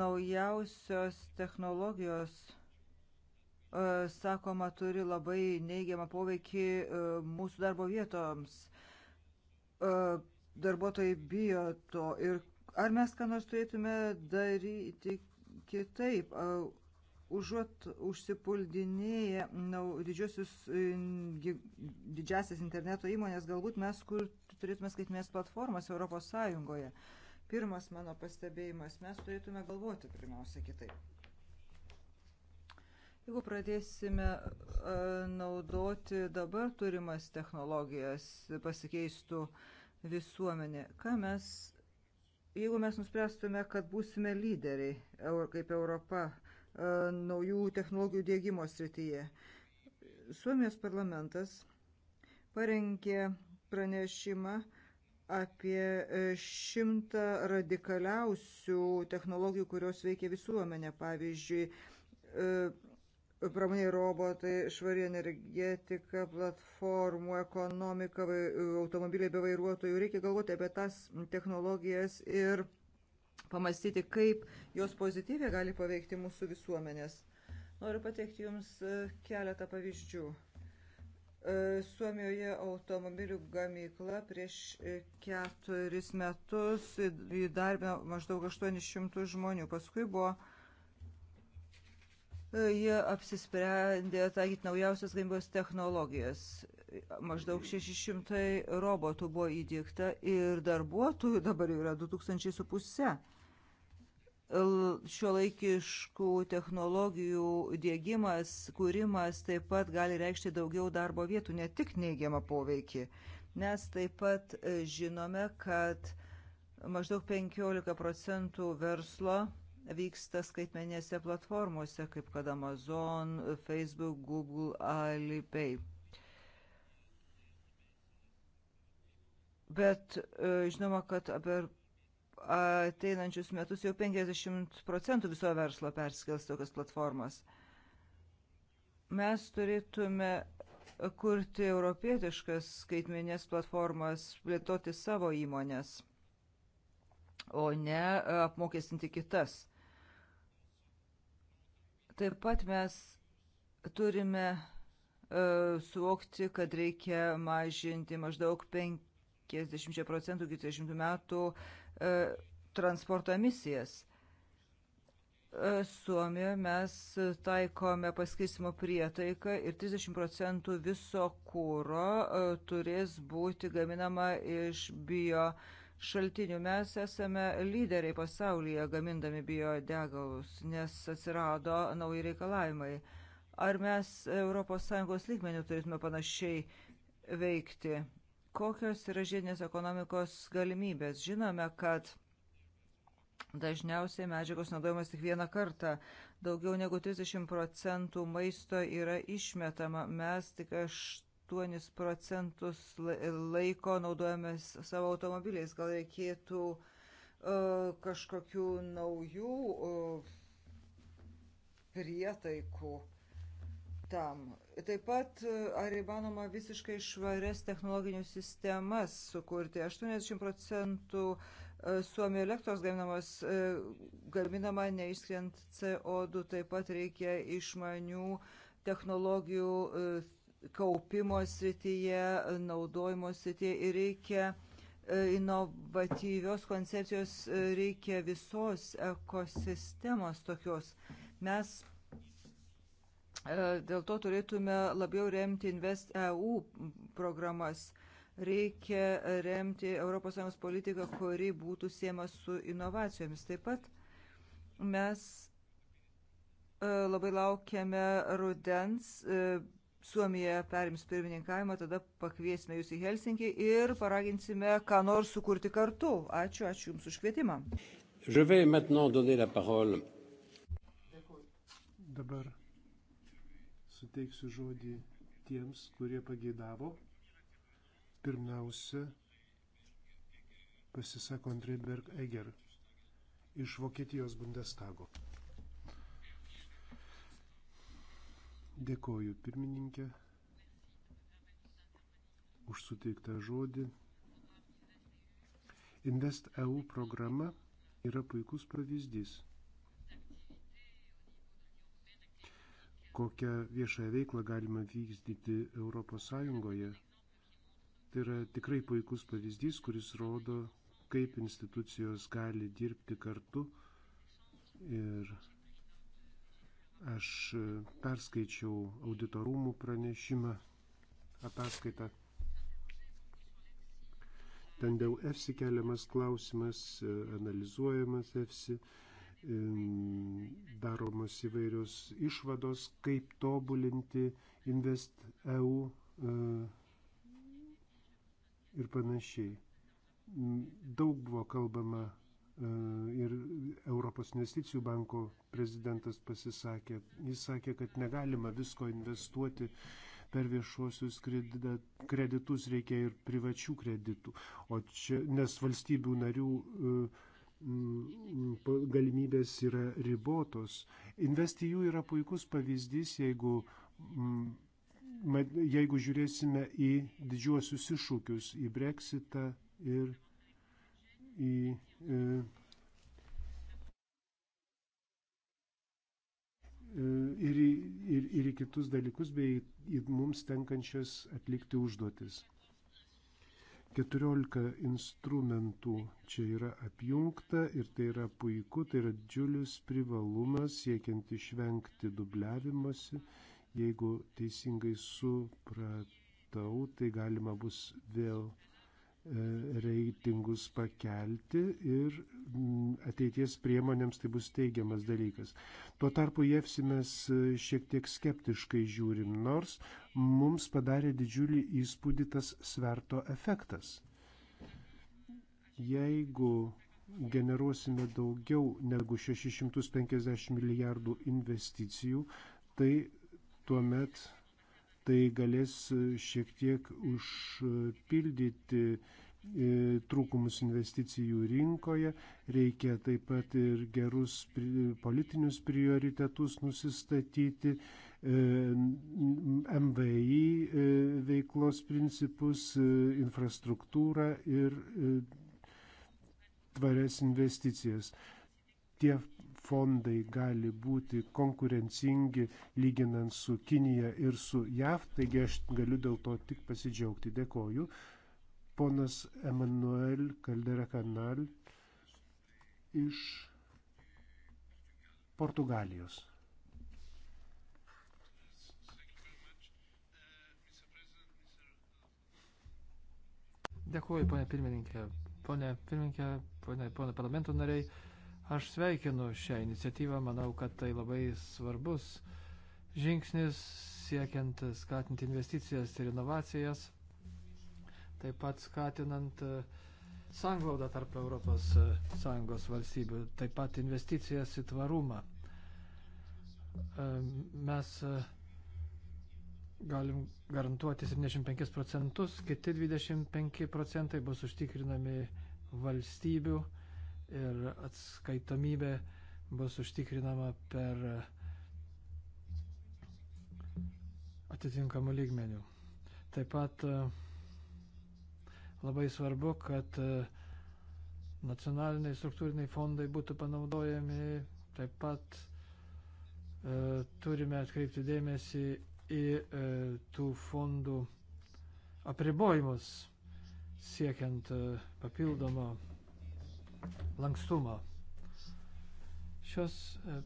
C: Naujausios technologijos, e, sakoma, turi labai neigiamą poveikį e, mūsų darbo vietoms. Darbuotojai bijo to ir ar mes ką nors turėtume daryti kitaip? užuot užsipuldinėję nau, didžiosius, e, didžiasias interneto įmonės, galbūt mes kur turėtume skaitmės platformas Europos Sąjungoje. Pirmas mano pastebėjimas, mes turėtume galvoti pirmiausia kitaip. Jeigu pradėsime e, naudoti dabar turimas technologijas, pasikeistų visuomenė, ką mes, jeigu mes nuspręstume, kad būsime lyderiai kaip Europa, E, naujų technologijų dėgymo srityje. Suomijos parlamentas parengė pranešimą apie e, šimtą radikaliausių technologijų, kurios veikia visuomenę. Pavyzdžiui, e, pramoniai robotai, švari energetika, platformų, ekonomika, automobiliai be vairuotojų. Reikia galvoti apie tas technologijas ir pamastyti, kaip jos pozityviai gali paveikti mūsų visuomenės. Noriu pateikti Jums e, keletą pavyzdžių. E, Suomijoje automobilių gamykla prieš e, keturis metus įdarbino maždaug 800 žmonių. Paskui buvo jie apsisprendė taikyti naujausias gamybos technologijas. Maždaug 600 robotų buvo įdėkta ir darbuotojų dabar yra 2500 šio laikiškų technologijų dėgymas, kūrimas taip pat gali reikšti daugiau darbo vietų, ne tik neigiamą poveikį. Mes taip pat e, žinome, kad maždaug 15 procentų verslo vyksta skaitmenėse platformose, kaip kad Amazon, Facebook, Google, Alipay. Bet e, žinoma, kad per ateinančius metus jau 50 procentų viso verslo perskels tokias platformas. Mes turėtume kurti europietiškas skaitmenės platformas, plėtoti savo įmonės, o ne e, apmokestinti kitas. Taip pat mes turime uh, suvokti, kad reikia mažinti maždaug 50 procentų iki 30 metų uh, E, transporto emisijas. E, Suomijoje mes taikome paskirstimo prietaiką ir 30 procentų viso kūro e, turės būti gaminama iš bio šaltinių. Mes esame lyderiai pasaulyje gamindami biodegalus, nes atsirado nauji reikalavimai. Ar mes ES lygmenių turėtume panašiai veikti? Kokios yra žiedinės ekonomikos galimybės? Žinome, kad dažniausiai medžiagos naudojamas tik vieną kartą. Daugiau negu 30 procentų maisto yra išmetama. Mes tik 8 procentus laiko naudojamės savo automobiliais. Gal reikėtų uh, kažkokių naujų uh, prietaikų tam. Taip pat e, ar įmanoma visiškai švarias technologinių sistemas sukurti. 80 procentų e, suomių elektros gaminamos e, gaminama neišskiriant CO2. Taip pat reikia išmanių technologijų kaupimo srityje, naudojimo srityje ir reikia inovatyvios koncepcijos, reikia visos ekosistemos tokios. Mes E, dėl to turėtume labiau remti InvestEU programas. Reikia remti ES politiką, kuri būtų siema su inovacijomis. Taip pat mes e, labai laukiame rudens. E, Suomija perims pirmininkavimą, tada pakviesime jūs į Helsinkį ir paraginsime, ką nors sukurti kartu. Ačiū, ačiū Jums už kvietimą.
B: Dabar suteiksiu žodį tiems, kurie pageidavo. Pirmiausia, pasisako Andrei Berg Eger iš Vokietijos Bundestago. Dėkoju pirmininkė už suteiktą žodį. InvestEU programa yra puikus pavyzdys kokią viešąją veiklą galima vykdyti ES. Tai yra tikrai puikus pavyzdys, kuris rodo, kaip institucijos gali dirbti kartu. Ir aš perskaičiau auditorumų pranešimą, ataskaitą. Ten dėl EFSI keliamas klausimas, analizuojamas EFSI daromos įvairios išvados, kaip tobulinti InvestEU e, ir panašiai. Daug buvo kalbama e, ir Europos investicijų banko prezidentas pasisakė. Jis sakė, kad negalima visko investuoti per viešuosius kreditus, reikia ir privačių kreditų. O čia, nes valstybių narių uh, Mm, mm, galimybės yra ribotos. Investijų yra puikus pavyzdys, jeigu, mm, jeigu žiūrėsime į didžiuosius iššūkius, į breksitą ir į. E, e Ir, ir, ir į kitus dalykus bei į mums tenkančias atlikti užduotis. 14 instrumentų čia yra apjungta ir tai yra puiku, tai yra didžiulis privalumas siekiant išvengti dubliavimuose. Jeigu teisingai supratau, tai galima bus vėl E, reitingus pakelti ir mm, ateities priemonėms tai bus teigiamas dalykas. Tuo tarpu Jefsi mes e, šiek tiek skeptiškai žiūrim, nors mums padarė didžiulį įspūdį tas sverto efektas. Jeigu generuosime daugiau negu 650 milijardų investicijų, tai tuomet tai galės e, šiek tiek užpildyti e, trūkumus investicijų rinkoje, reikia taip pat ir gerus politinius prioritetus nusistatyti, e, MVI veiklos principus, infrastruktūrą ir tvarias investicijas. Tie fondai gali būti konkurencingi lyginant su Kinija ir su JAV, taigi aš galiu dėl to tik pasidžiaugti. Dėkoju. Ponas Emanuel Caldera Canal iš Portugalijos.
D: Dėkuoju, ponė pirmininkė. Pone pirmininkė, ponė, ponė parlamento nariai, Aš sveikinu šią iniciatyvą, manau, kad tai labai svarbus žingsnis siekiant skatinti investicijas ir inovacijas, taip pat skatinant e, sanglaudą tarp Europos e, Sąjungos valstybių, taip pat investicijas į tvarumą. E, mes galim garantuoti 75 procentus, kiti 25 procentai bus užtikrinami valstybių ir atskaitomybė bus užtikrinama per atitinkamų lygmenių. Taip pat labai svarbu, kad nacionaliniai struktūriniai fondai būtų panaudojami. Taip pat e, turime atkreipti dėmesį į e, tų fondų apribojimus siekiant e, papildomo lankstumo. Šios e,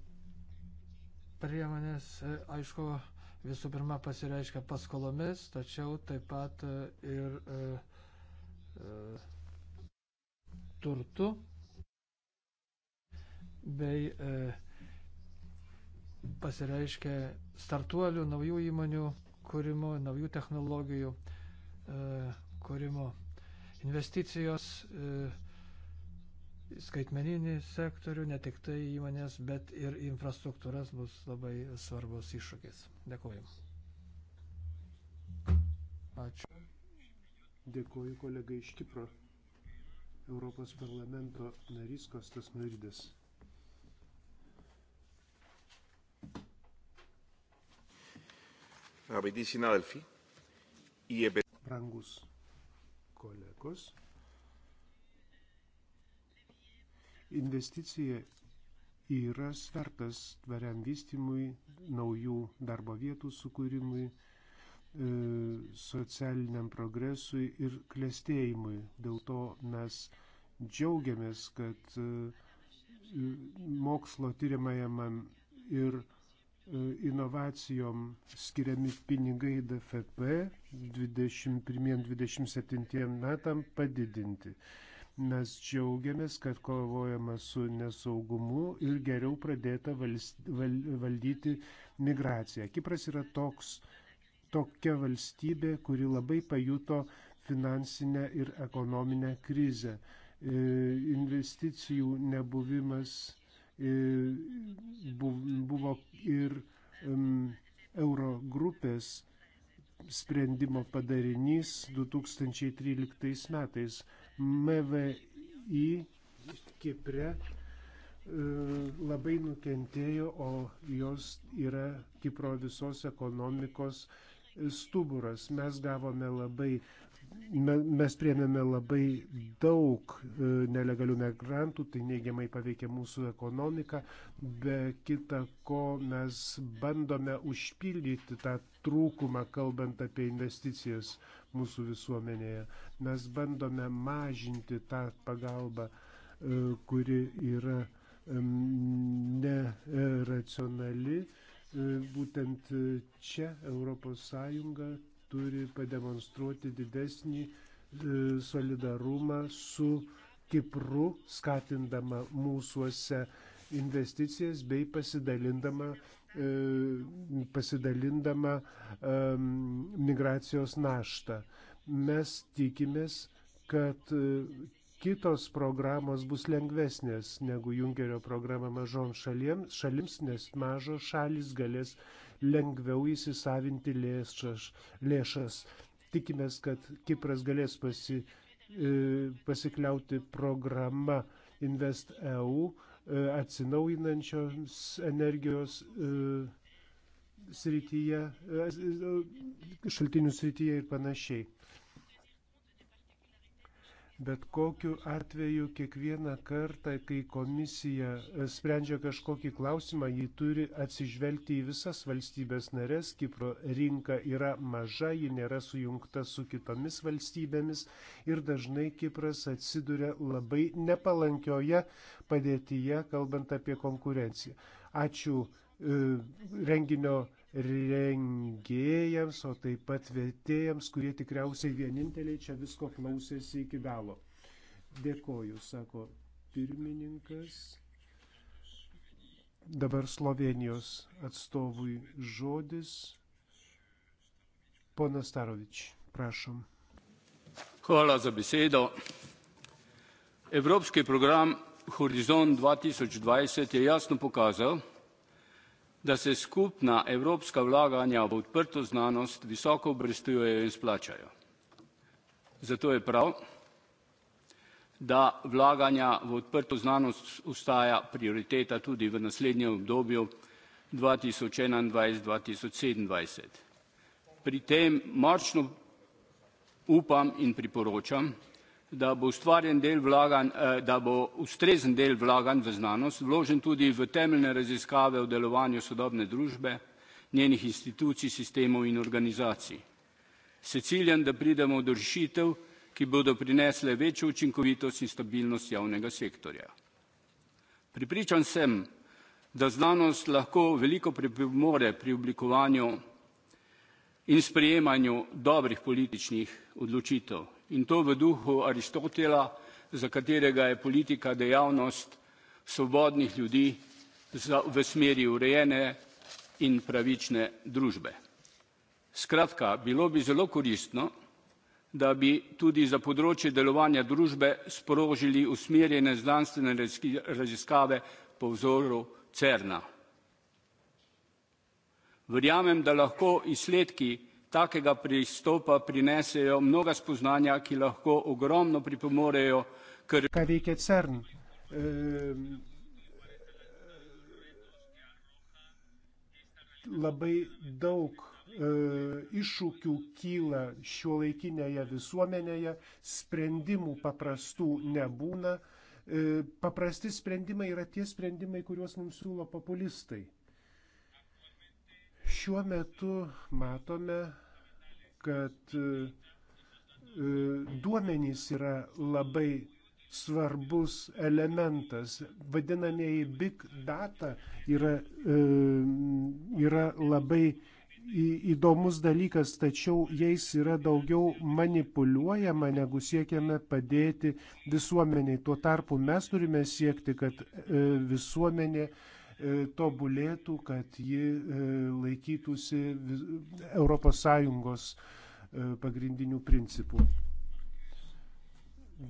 D: priemonės, e, aišku, visų pirma pasireiškia paskolomis, tačiau taip pat e, ir e, e, turtu bei e, pasireiškia startuolių, naujų įmonių kūrimo, naujų technologijų e, kūrimo. Investicijos e, skaitmeninį sektorių, ne tik tai įmonės, bet ir infrastruktūras bus labai svarbus iššūkis. Dėkuoju. Ačiū.
B: Dėkuoju kolega iš Kipro, Europos parlamento narys Kostas Nuridis. Brangus kolegos, Investicija yra svertas tvariam vystimui, naujų darbo vietų sukūrimui, e, socialiniam progresui ir klėstėjimui. Dėl to mes džiaugiamės, kad e, mokslo tyriamajam ir e, inovacijom skiriami pinigai DFP 21-27 metam padidinti. Mes džiaugiamės, kad kovojama su nesaugumu ir geriau pradėta valdyti migraciją. Kipras yra toks, tokia valstybė, kuri labai pajuto finansinę ir ekonominę krizę. E, investicijų nebuvimas e, buvo ir euro grupės sprendimo padarinys 2013 metais. MVI Kipre e, labai nukentėjo, o jos yra Kipro visos ekonomikos stuburas. Mes gavome labai mes priemėme labai daug e, nelegalių migrantų, tai neigiamai paveikia mūsų ekonomiką, be kita ko mes bandome užpildyti tą trūkumą, kalbant apie investicijas mūsų visuomenėje. Mes bandome mažinti tą pagalbą, e, kuri yra neracionali. E, būtent čia ES turi pademonstruoti didesnį e, solidarumą su Kipru, skatindama mūsųse investicijas bei pasidalindama, e, pasidalindama migracijos naštą. Mes tikimės, kad e, kitos programos bus lengvesnės negu Junkerio programa mažoms šalims, nes mažos šalis galės lengviau įsisavinti lėšas. lėšas. Tikimės, kad Kipras galės pasi, e, pasikliauti programa InvestEU e, atsinaujinančios energijos e, srityje, šaltinių srityje ir panašiai. Bet kokiu atveju kiekvieną kartą, kai komisija e, sprendžia kažkokį klausimą, ji turi atsižvelgti į visas valstybės narės. Kipro rinka yra maža, ji nėra sujungta su kitomis valstybėmis ir dažnai Kipras atsiduria labai nepalankioje padėtyje, kalbant apie konkurenciją. Ačiū e, renginio rengėjams, o taip pat vietėjams, kurie tikriausiai vieninteliai čia visko klausėsi iki galo. Dėkoju, sako pirmininkas. Dabar Slovenijos atstovui žodis. Pona Starovič, prašom.
A: Hvala za besedo. Evropski program Horizon 2020 je jasno pokazal, da se skupna evropska vlaganja v odprto znanost visoko obrestujejo in splačajo. Zato je prav, da vlaganja v odprto znanost ostaja prioriteta tudi v naslednjem obdobju dva tisoč enaindvajset-dva tisoč sedemindvajset. Pri tem močno upam in priporočam, da bo ustvarjen del vlaganj, eh, da bo ustrezen del vlaganj v znanost vložen tudi v temeljne raziskave o delovanju sodobne družbe, njenih institucij, sistemov in organizacij, s ciljem, da pridemo do rešitev, ki bodo prinesle večjo učinkovitost in stabilnost javnega sektorja. Prepričan sem, da znanost lahko veliko pripomore pri oblikovanju in sprejemanju dobrih političnih odločitev in to v duhu Aristotela, za katerega je politika dejavnost svobodnih ljudi za, v smeri urejene in pravične družbe. Skratka, bilo bi zelo koristno, da bi tudi za področje delovanja družbe sprožili usmerjene znanstvene raziskave po vzoru CERN-a. Verjamem, da lahko izsledki takega pristopa prinesejo mnoga spoznanja, ki lahko ogromno
B: pripomorejo k. Kaj veke CERN? E, labai daug eh, iššūkių kyla šiuolaikinėje visuomenėje, sprendimų paprastų nebūna. Eh, paprasti sprendimai yra tie sprendimai, kuriuos mums siūlo populistai. Šiuo metu matome, kad e, duomenys yra labai svarbus elementas. Vadinamieji big data yra, e, yra labai įdomus dalykas, tačiau jais yra daugiau manipuliuojama, negu siekiame padėti visuomeniai. Tuo tarpu mes turime siekti, kad e, visuomenė E, tobulėtų, kad ji e, laikytųsi ES e, pagrindinių principų.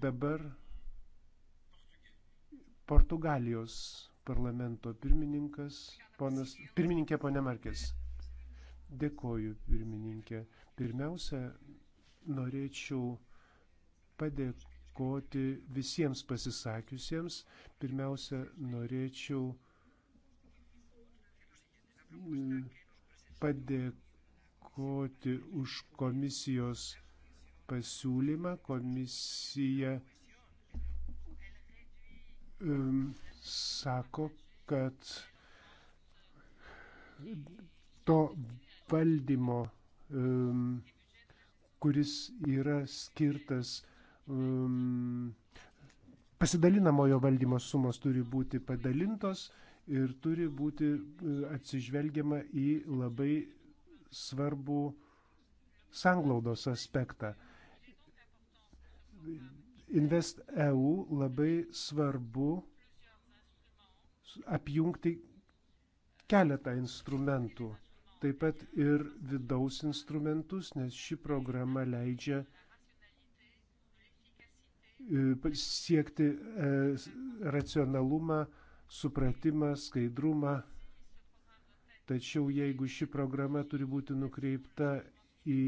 B: Dabar Portugalijos parlamento pirmininkas, ponas, pirmininkė ponė Markės. Dėkoju, pirmininkė. Pirmiausia, norėčiau padėkoti visiems pasisakiusiems. Pirmiausia, norėčiau padėkoti už komisijos pasiūlymą. Komisija um, sako, kad to valdymo, um, kuris yra skirtas um, pasidalinamojo valdymo sumos turi būti padalintos ir turi būti e, atsižvelgiama į labai svarbų sanglaudos aspektą. Invest EU labai svarbu apjungti keletą instrumentų, taip pat ir vidaus instrumentus, nes ši programa leidžia e, siekti e, racionalumą, supratimą, skaidrumą. Tačiau jeigu ši programa turi būti nukreipta į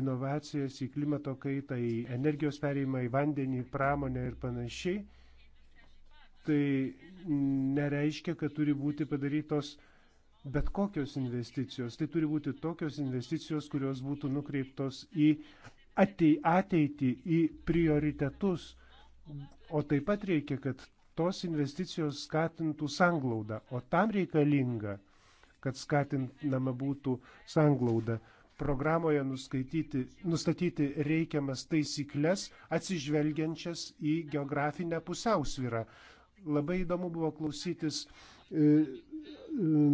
B: inovacijas, į klimato kaitą, į energijos perėjimą, į vandenį, pramonę ir panašiai, tai nereiškia, kad turi būti padarytos bet kokios investicijos. Tai turi būti tokios investicijos, kurios būtų nukreiptos į ateitį, į prioritetus. O taip pat reikia, kad tos investicijos skatintų sanglaudą, o tam reikalinga, kad skatinama būtų sanglauda. Programoje nustatyti reikiamas taisyklės atsižvelgiančias į geografinę pusiausvyrą. Labai įdomu buvo klausytis e,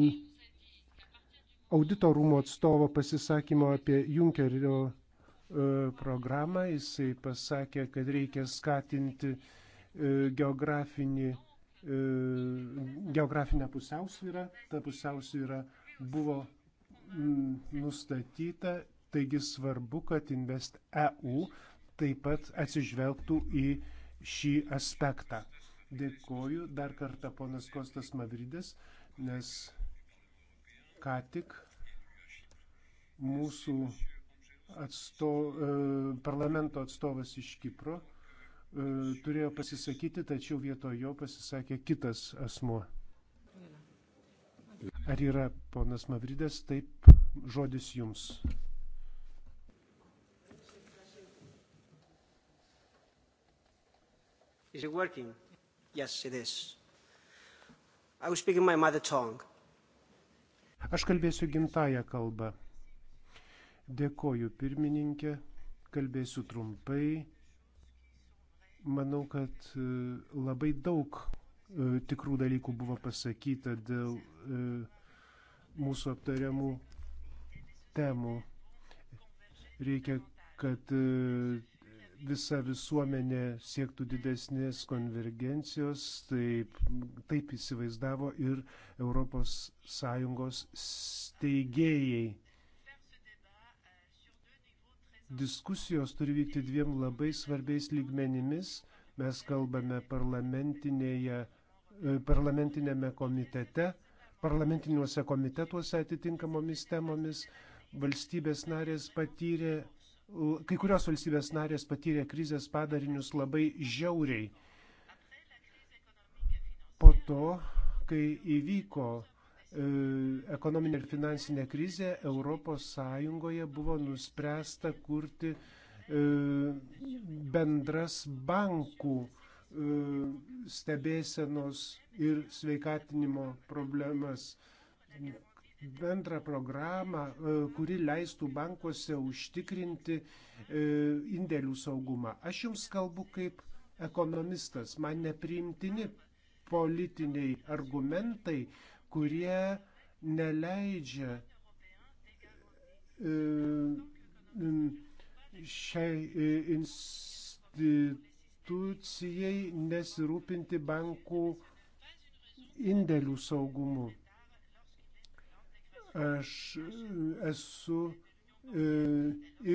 B: e, audito rūmo atstovo pasisakymo apie Junkerio e, programą. Jisai pasakė, kad reikia skatinti uh, E, geografinį, e, geografinę pusiausvyrą. Ta pusiausvyra buvo nustatyta, taigi svarbu, kad Invest EU taip pat atsižvelgtų į šį aspektą. Dėkoju dar kartą ponas Kostas Mavridis, nes ką tik mūsų atsto, e, parlamento atstovas iš Kipro E, turėjo pasisakyti, tačiau vietoj jo pasisakė kitas asmo. Ar yra ponas Mavridas? Taip, žodis jums.
C: Is it working? Yes, it is. I will speak in my mother tongue.
B: Aš kalbėsiu gimtają kalbą. Dėkoju pirmininkė, kalbėsiu trumpai Manau, kad e, labai daug e, tikrų dalykų buvo pasakyta dėl e, mūsų aptariamų temų. Reikia, kad visa visuomenė siektų didesnės konvergencijos, taip, taip įsivaizdavo ir ES steigėjai diskusijos turi vykti dviem labai svarbiais lygmenimis. Mes kalbame e, parlamentinėme komitete, parlamentiniuose komitetuose atitinkamomis temomis. Valstybės narės patyrė, kai kurios valstybės narės patyrė krizės padarinius labai žiauriai. Po to, kai įvyko E, ekonominė ir finansinė krizė ES buvo nuspręsta kurti e, bendras bankų e, stebėsenos ir sveikatinimo problemas bendrą programą, kuri leistų bankuose užtikrinti indėlių saugumą. Aš jums kalbu kaip ekonomistas, man nepriimtini politiniai argumentai, kurie neleidžia e, šiai e, institucijai nesirūpinti bankų indėlių saugumu. Aš esu e,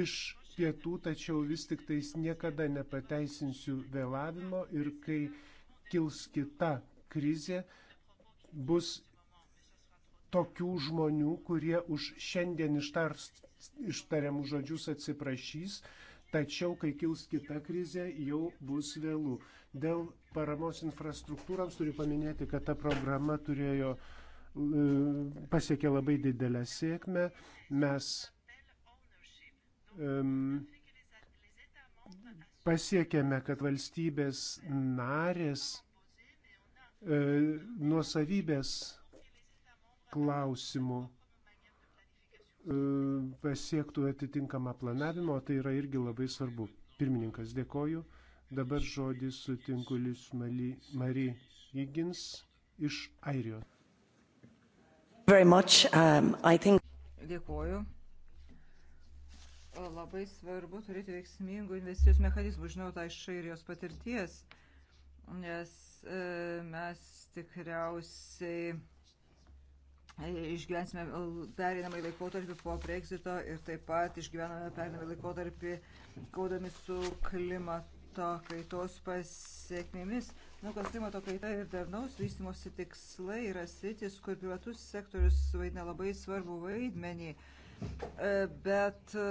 B: iš pietų, tačiau vis tik tais niekada nepateisinsiu vėlavimo ir kai kils kita krizė, bus tokių žmonių, kurie už šiandien ištars, ištariamų žodžius atsiprašys, tačiau kai kils kita krizė, jau bus vėlų. Dėl paramos infrastruktūrams turiu paminėti, kad ta programa turėjo e, pasiekė labai didelę sėkmę. Mes um, pasiekėme, kad valstybės narės e, nuosavybės klausimų e, pasiektų atitinkamą planavimą, o tai yra irgi labai svarbu. Pirmininkas, dėkoju. Dabar žodį sutinku Lius Mari Higgins iš Airijos.
C: Um, think... Dėkoju. Labai svarbu turėti veiksmingų investicijos mechanizmų. Žinau tą iš Airijos patirties, nes e, mes tikriausiai išgyvensime e, perinamąjį laikotarpį po Brexito ir taip pat išgyvename perinamąjį laikotarpį kaudami su klimato kaitos pasiekmėmis. Nu, kad klimato kaita ir darnaus vystimosi tikslai yra sritis, kur privatus sektorius vaidina labai svarbu vaidmenį, e, bet e,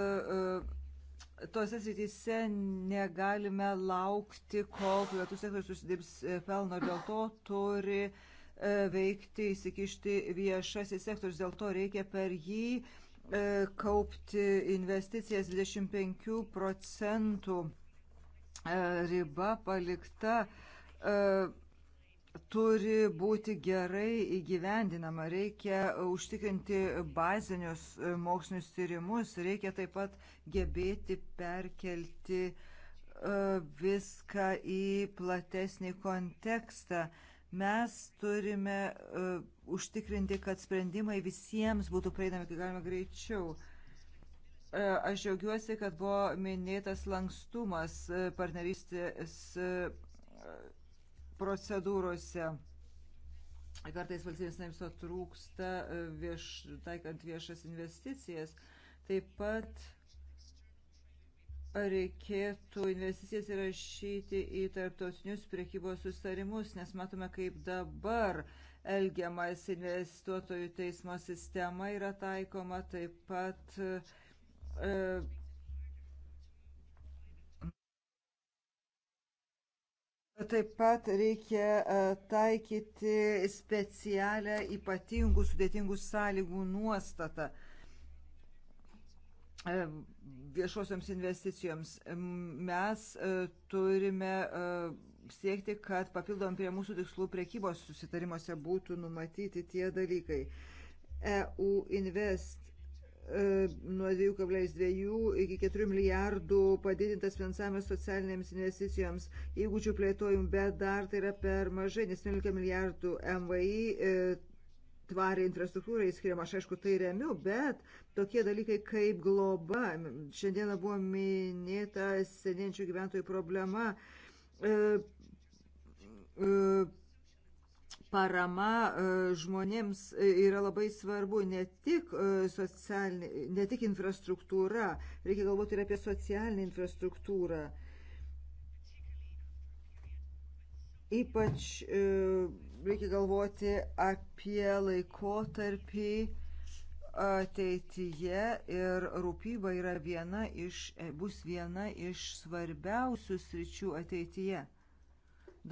C: tose srityse negalime laukti, kol privatus sektorius susidirbs pelno ir dėl to turi uh, E, veikti, įsikišti viešasis sektorius, dėl to reikia per jį e, kaupti investicijas 25 procentų e, riba palikta turi būti gerai įgyvendinama, reikia užtikrinti bazinius mokslinius tyrimus, reikia taip pat gebėti perkelti viską į platesnį kontekstą. Mes turime uh, užtikrinti, kad sprendimai visiems būtų prieinami, kai galima greičiau. Uh, aš džiaugiuosi, kad buvo minėtas lankstumas uh, partnerystės uh, procedūrose. Kartais valstybės naims to trūksta, vieš, taikant viešas investicijas. Taip pat uh, reikėtų investicijas įrašyti į tarptautinius priekybos sustarimus, nes matome, kaip dabar elgiamas investuotojų teismo sistema yra taikoma, taip pat e, Taip pat reikia e, taikyti specialią ypatingų sudėtingų sąlygų nuostatą. E, viešosioms investicijoms. Mes e, turime e, siekti, kad papildom prie mūsų tikslų priekybos susitarimuose būtų numatyti tie dalykai. EU Invest e, nuo 2,2 iki 4 milijardų padidintas finansavimas socialinėms investicijoms, įgūdžių plėtojimui, bet dar tai yra per mažai, nes 11 milijardų MVI tvariai infrastruktūrai skiriama, aš aišku, tai remiu, bet tokie dalykai kaip globa, šiandieną buvo minėta senėjančių gyventojų problema, e, e, parama e, žmonėms yra labai svarbu, ne tik, e, socialinė, ne tik infrastruktūra, reikia galvoti ir apie socialinę infrastruktūrą. Ypač e, reikia galvoti apie laikotarpį ateityje ir rūpyba yra viena iš, bus viena iš svarbiausių sričių ateityje.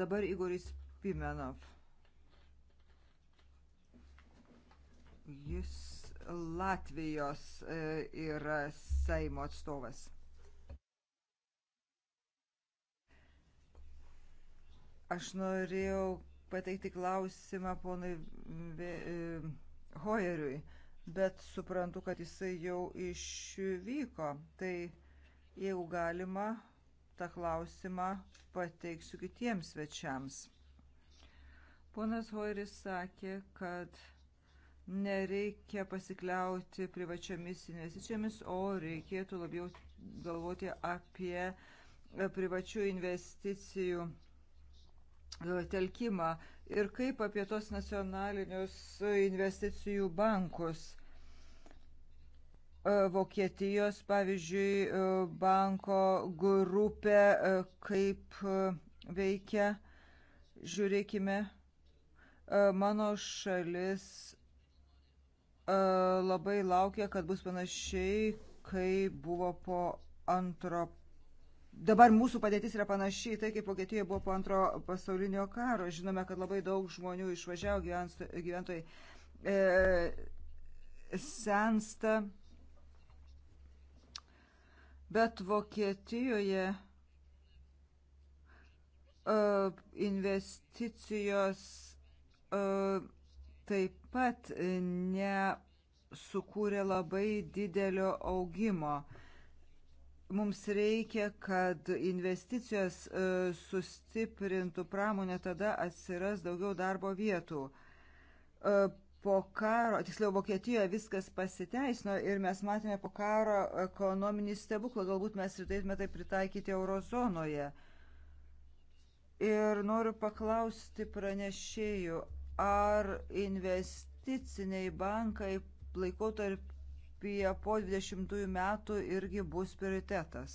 C: Dabar Igoris Pimenov. Jis Latvijos e, yra Seimo atstovas. Aš norėjau pateikti klausimą ponui e, Hoeriui, bet suprantu, kad jisai jau išvyko. Tai jeigu galima, tą klausimą pateiksiu kitiems svečiams. Ponas Hoeris sakė, kad nereikia pasikliauti privačiomis investicijomis, o reikėtų labiau galvoti apie privačių investicijų telkimą ir kaip apie tos nacionalinius investicijų bankus. E, Vokietijos, pavyzdžiui, e, banko grupė, e, kaip veikia, žiūrėkime, mano šalis labai laukia, kad bus panašiai, kai buvo po antro Dabar mūsų padėtis yra panašiai tai, kaip Vokietijoje buvo po antro pasaulinio karo. Žinome, kad labai daug žmonių išvažiavo gyventojai. E, sensta. Bet Vokietijoje e, investicijos e, taip pat nesukūrė labai didelio augimo. Mums reikia, kad investicijos e, sustiprintų pramonę, tada atsiras daugiau darbo vietų. E, po karo, tiksliau Vokietijoje viskas pasiteisino ir mes matėme po karo ekonominį stebuklą, galbūt mes ir turėtume tai pritaikyti eurozonoje. Ir noriu paklausti pranešėjų, ar investiciniai bankai laikotarp terapija po 20 metų irgi bus prioritetas.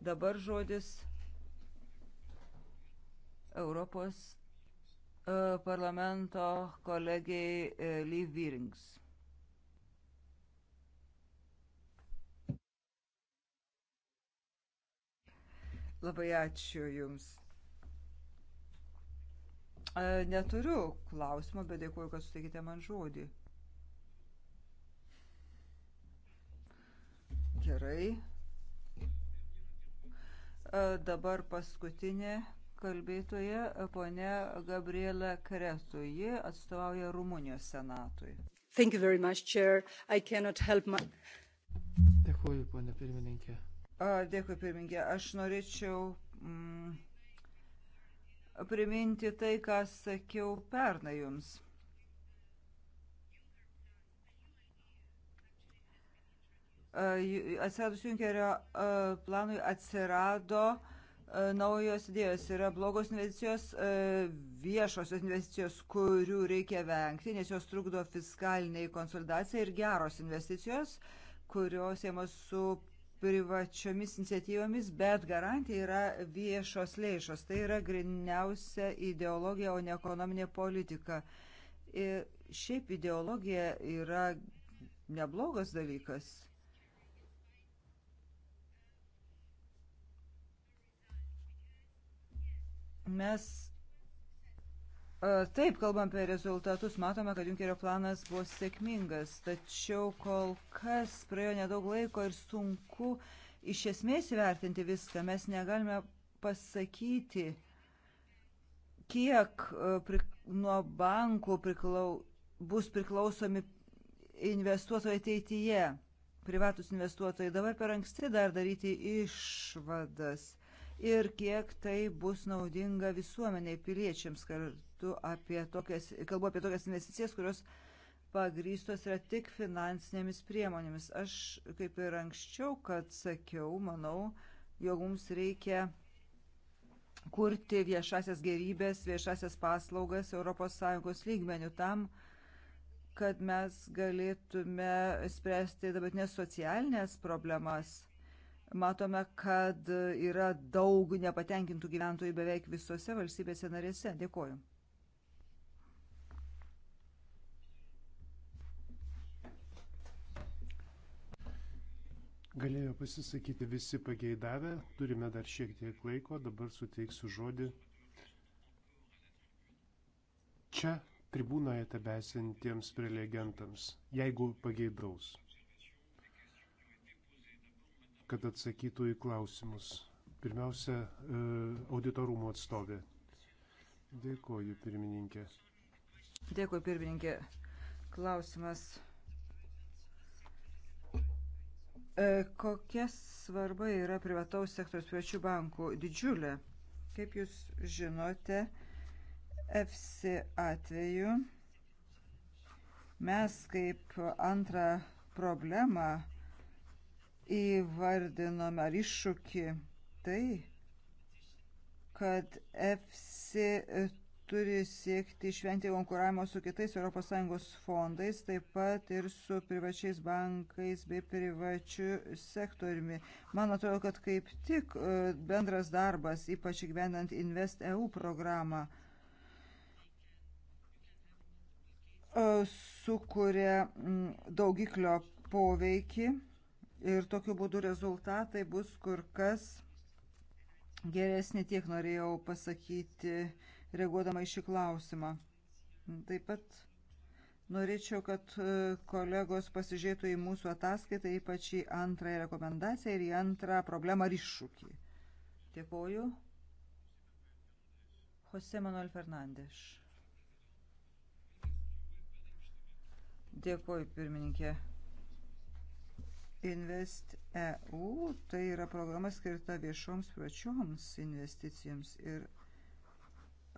C: Dabar žodis Europos e, parlamento kolegiai e, Lee Virings. Labai ačiū Jums. E, neturiu klausimo, bet dėkuoju, kad suteikite man žodį. Gerai. E, dabar paskutinė kalbėtoja, e, ponė Gabriela Kretu. Ji atstovauja Rumunijos senatui. Thank you very much, Chair. I cannot help my...
D: Dėkuoju, ponė pirmininkė.
C: Dėkui, pirmininkė. Aš norėčiau mm, priminti tai, ką sakiau pernai jums. atsiradus Junkerio planui atsirado naujos idėjos. Yra blogos investicijos, viešosios investicijos, kurių reikia vengti, nes jos trukdo fiskaliniai konsolidacijai ir geros investicijos, kurios jėmas su privačiomis iniciatyvomis, bet garantija yra viešos lėšos. Tai yra griniausia ideologija, o ne ekonominė politika. Ir šiaip ideologija yra neblogas dalykas. Mes e, Taip, kalbam apie rezultatus, matome, kad Junkerio planas buvo sėkmingas, tačiau kol kas praėjo nedaug laiko ir sunku iš esmės įvertinti viską. Mes negalime pasakyti, kiek e, pri, nuo bankų priklau, bus priklausomi investuotojai ateityje, privatus investuotojai. Dabar per anksti dar daryti išvadas ir kiek tai bus naudinga visuomeniai piliečiams kartu apie tokias, kalbu apie tokias investicijas, kurios pagrystos yra tik finansinėmis priemonėmis. Aš kaip ir anksčiau, kad sakiau, manau, jog mums reikia kurti viešasias gerybės, viešasias paslaugas ES lygmenių tam, kad mes galėtume spręsti dabartinės socialinės problemas matome, kad yra daug nepatenkintų gyventojų beveik visose valstybėse narėse. Dėkoju.
B: Galėjo pasisakyti visi pageidavę, turime dar šiek tiek laiko, dabar suteiksiu žodį čia tribūnoje tebesintiems prelegentams, jeigu pageidaus kad atsakytų į klausimus. Pirmiausia, e, auditorumo atstovė. Dėkoju, pirmininkė.
C: Dėkoju, pirmininkė. Klausimas. E, kokia svarba yra privataus sektoriaus privačių bankų? Didžiulė. Kaip jūs žinote, FC atveju mes kaip antrą problemą įvardinome ar iššūkį tai, kad EFSI turi siekti išvengti konkuravimo su kitais ES fondais, taip pat ir su privačiais bankais bei privačiu sektoriumi. Man atrodo, kad kaip tik e, bendras darbas, ypač gyvenant Invest EU programą, e, sukuria daugiklio poveikį ir tokiu būdu rezultatai bus kur kas geresnė tiek norėjau pasakyti, reaguodama į šį klausimą. Taip pat norėčiau, kad e, kolegos pasižiūrėtų į mūsų ataskaitą, ypač į antrąją rekomendaciją ir į antrą problemą ar iššūkį. Dėkoju. Jose Manuel Fernandes. Dėkoju, pirmininkė. Invest EU tai yra programa skirta viešoms privačioms investicijoms ir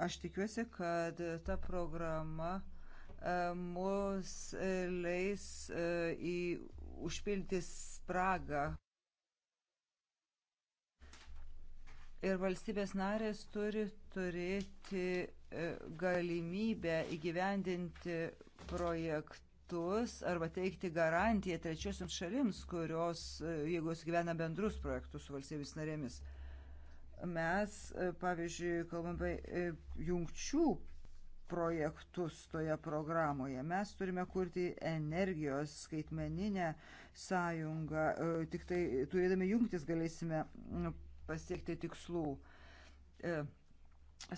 C: aš tikiuosi, kad ta programa e, mus leis e, į užpilti spragą. Ir valstybės narės turi turėti e, galimybę įgyvendinti projektą projektus arba teikti garantiją trečiosiams šalims, kurios, e, jeigu jos gyvena bendrus projektus su valstybės narėmis. Mes, e, pavyzdžiui, kalbam apie e, jungčių projektus toje programoje. Mes turime kurti energijos skaitmeninę sąjungą, tik tai turėdami jungtis galėsime pasiekti tikslų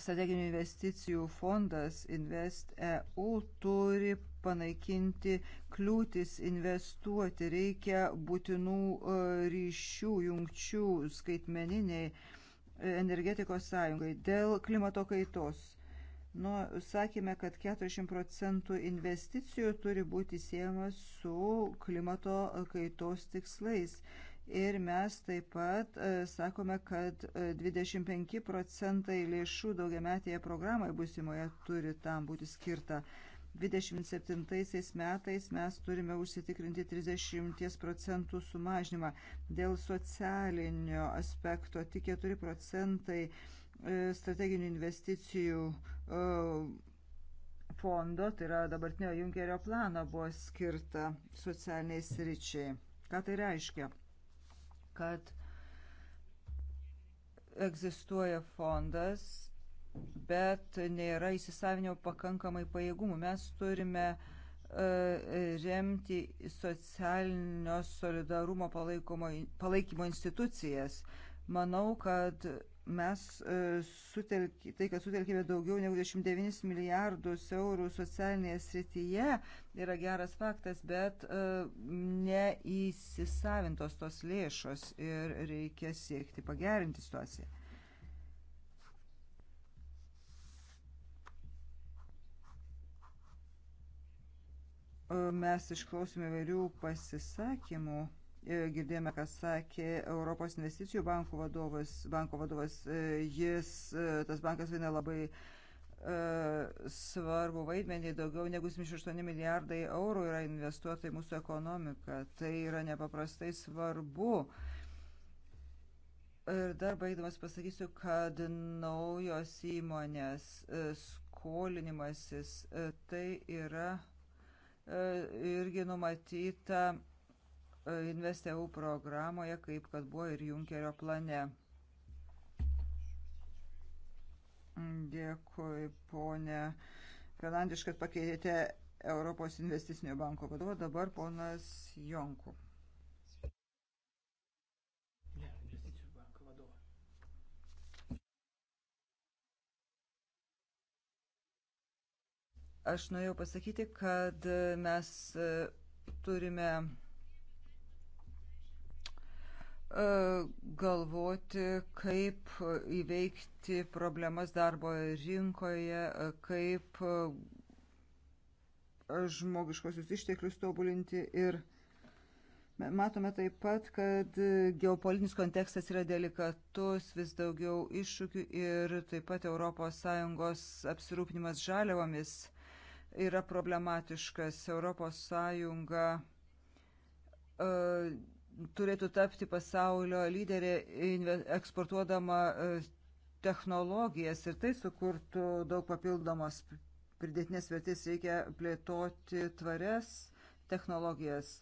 C: strateginių investicijų fondas InvestEU turi panaikinti kliūtis investuoti. Reikia būtinų e, ryšių, jungčių skaitmeniniai e, energetikos sąjungai dėl klimato kaitos. Nu, sakėme, kad 40 procentų investicijų turi būti siejamas su klimato kaitos tikslais. Ir mes taip pat e, sakome, kad 25 e, procentai lėšų daugiametėje programoje būsimoje turi tam būti skirta. 27 metais mes turime užsitikrinti 30 procentų sumažinimą. Dėl socialinio aspekto tik 4 procentai e, strateginių investicijų fondo, tai yra dabartinio Junkerio plano, buvo skirta socialiniai sričiai. Ką tai reiškia? kad egzistuoja fondas, bet nėra įsisavinimo pakankamai pajėgumų. Mes turime e, remti socialinio solidarumo palaikymo institucijas. Manau, kad mes e, sutelki, tai, kad sutelkime daugiau negu 29 milijardus eurų socialinėje srityje, yra geras faktas, bet e, neįsisavintos tos lėšos ir reikia siekti pagerinti situaciją. E, mes išklausime vairių pasisakymų. E, girdėjome, ką sakė Europos investicijų banko vadovas. Banko vadovas e, jis, e, tas bankas vaidina labai svarbu vaidmenį, daugiau negu 78 milijardai eurų yra investuota į mūsų ekonomiką. Tai yra nepaprastai svarbu. Ir dar baigdamas pasakysiu, kad naujos įmonės skolinimasis tai yra irgi numatyta InvestEU programoje, kaip kad buvo ir Junkerio plane. Dėkui, ponė Fernandiš, kad pakeitėte Europos investicinio banko vadovą. Dabar ponas Jonku. Aš norėjau pasakyti, kad mes turime E, galvoti, kaip įveikti problemas darbo rinkoje, e, kaip e, žmogiškosius išteklius tobulinti ir Matome taip pat, kad geopolitinis kontekstas yra delikatus, vis daugiau iššūkių ir taip pat ES apsirūpinimas žaliavomis yra problematiškas. ES turėtų tapti pasaulio lyderė eksportuodama e, technologijas ir tai sukurtų daug papildomos pridėtinės vertės, reikia plėtoti tvarias technologijas.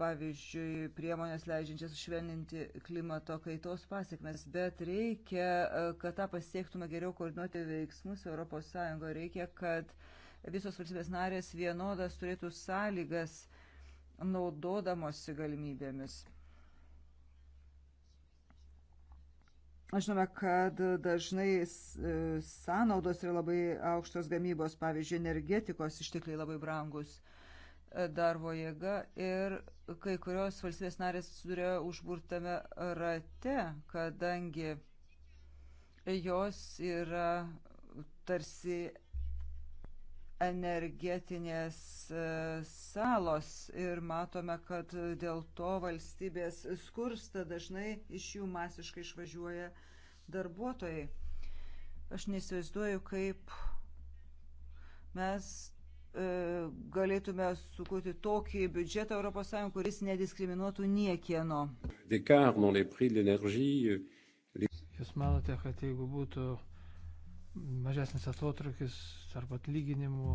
C: Pavyzdžiui, priemonės leidžiančias švelninti klimato kaitos pasiekmes, bet reikia, e, kad tą pasiektume geriau koordinuoti veiksmus ES, reikia, kad visos valstybės narės vienodas turėtų sąlygas uh, naudodamosi galimybėmis. Žinome, kad dažnai e, sąnaudos yra labai aukštos gamybos, pavyzdžiui, energetikos ištekliai labai brangus e, darbo jėga ir kai kurios valstybės narės susidurė užburtame rate, kadangi jos yra tarsi energetinės e, salos ir matome, kad dėl to valstybės skursta, dažnai iš jų masiškai išvažiuoja darbuotojai. Aš neįsivaizduoju, kaip mes e, galėtume sukurti tokį biudžetą ES, kuris nediskriminuotų niekieno.
D: Jūs manote, kad jeigu
C: būtų uh, mažesnis atotrukis tarp
D: atlyginimų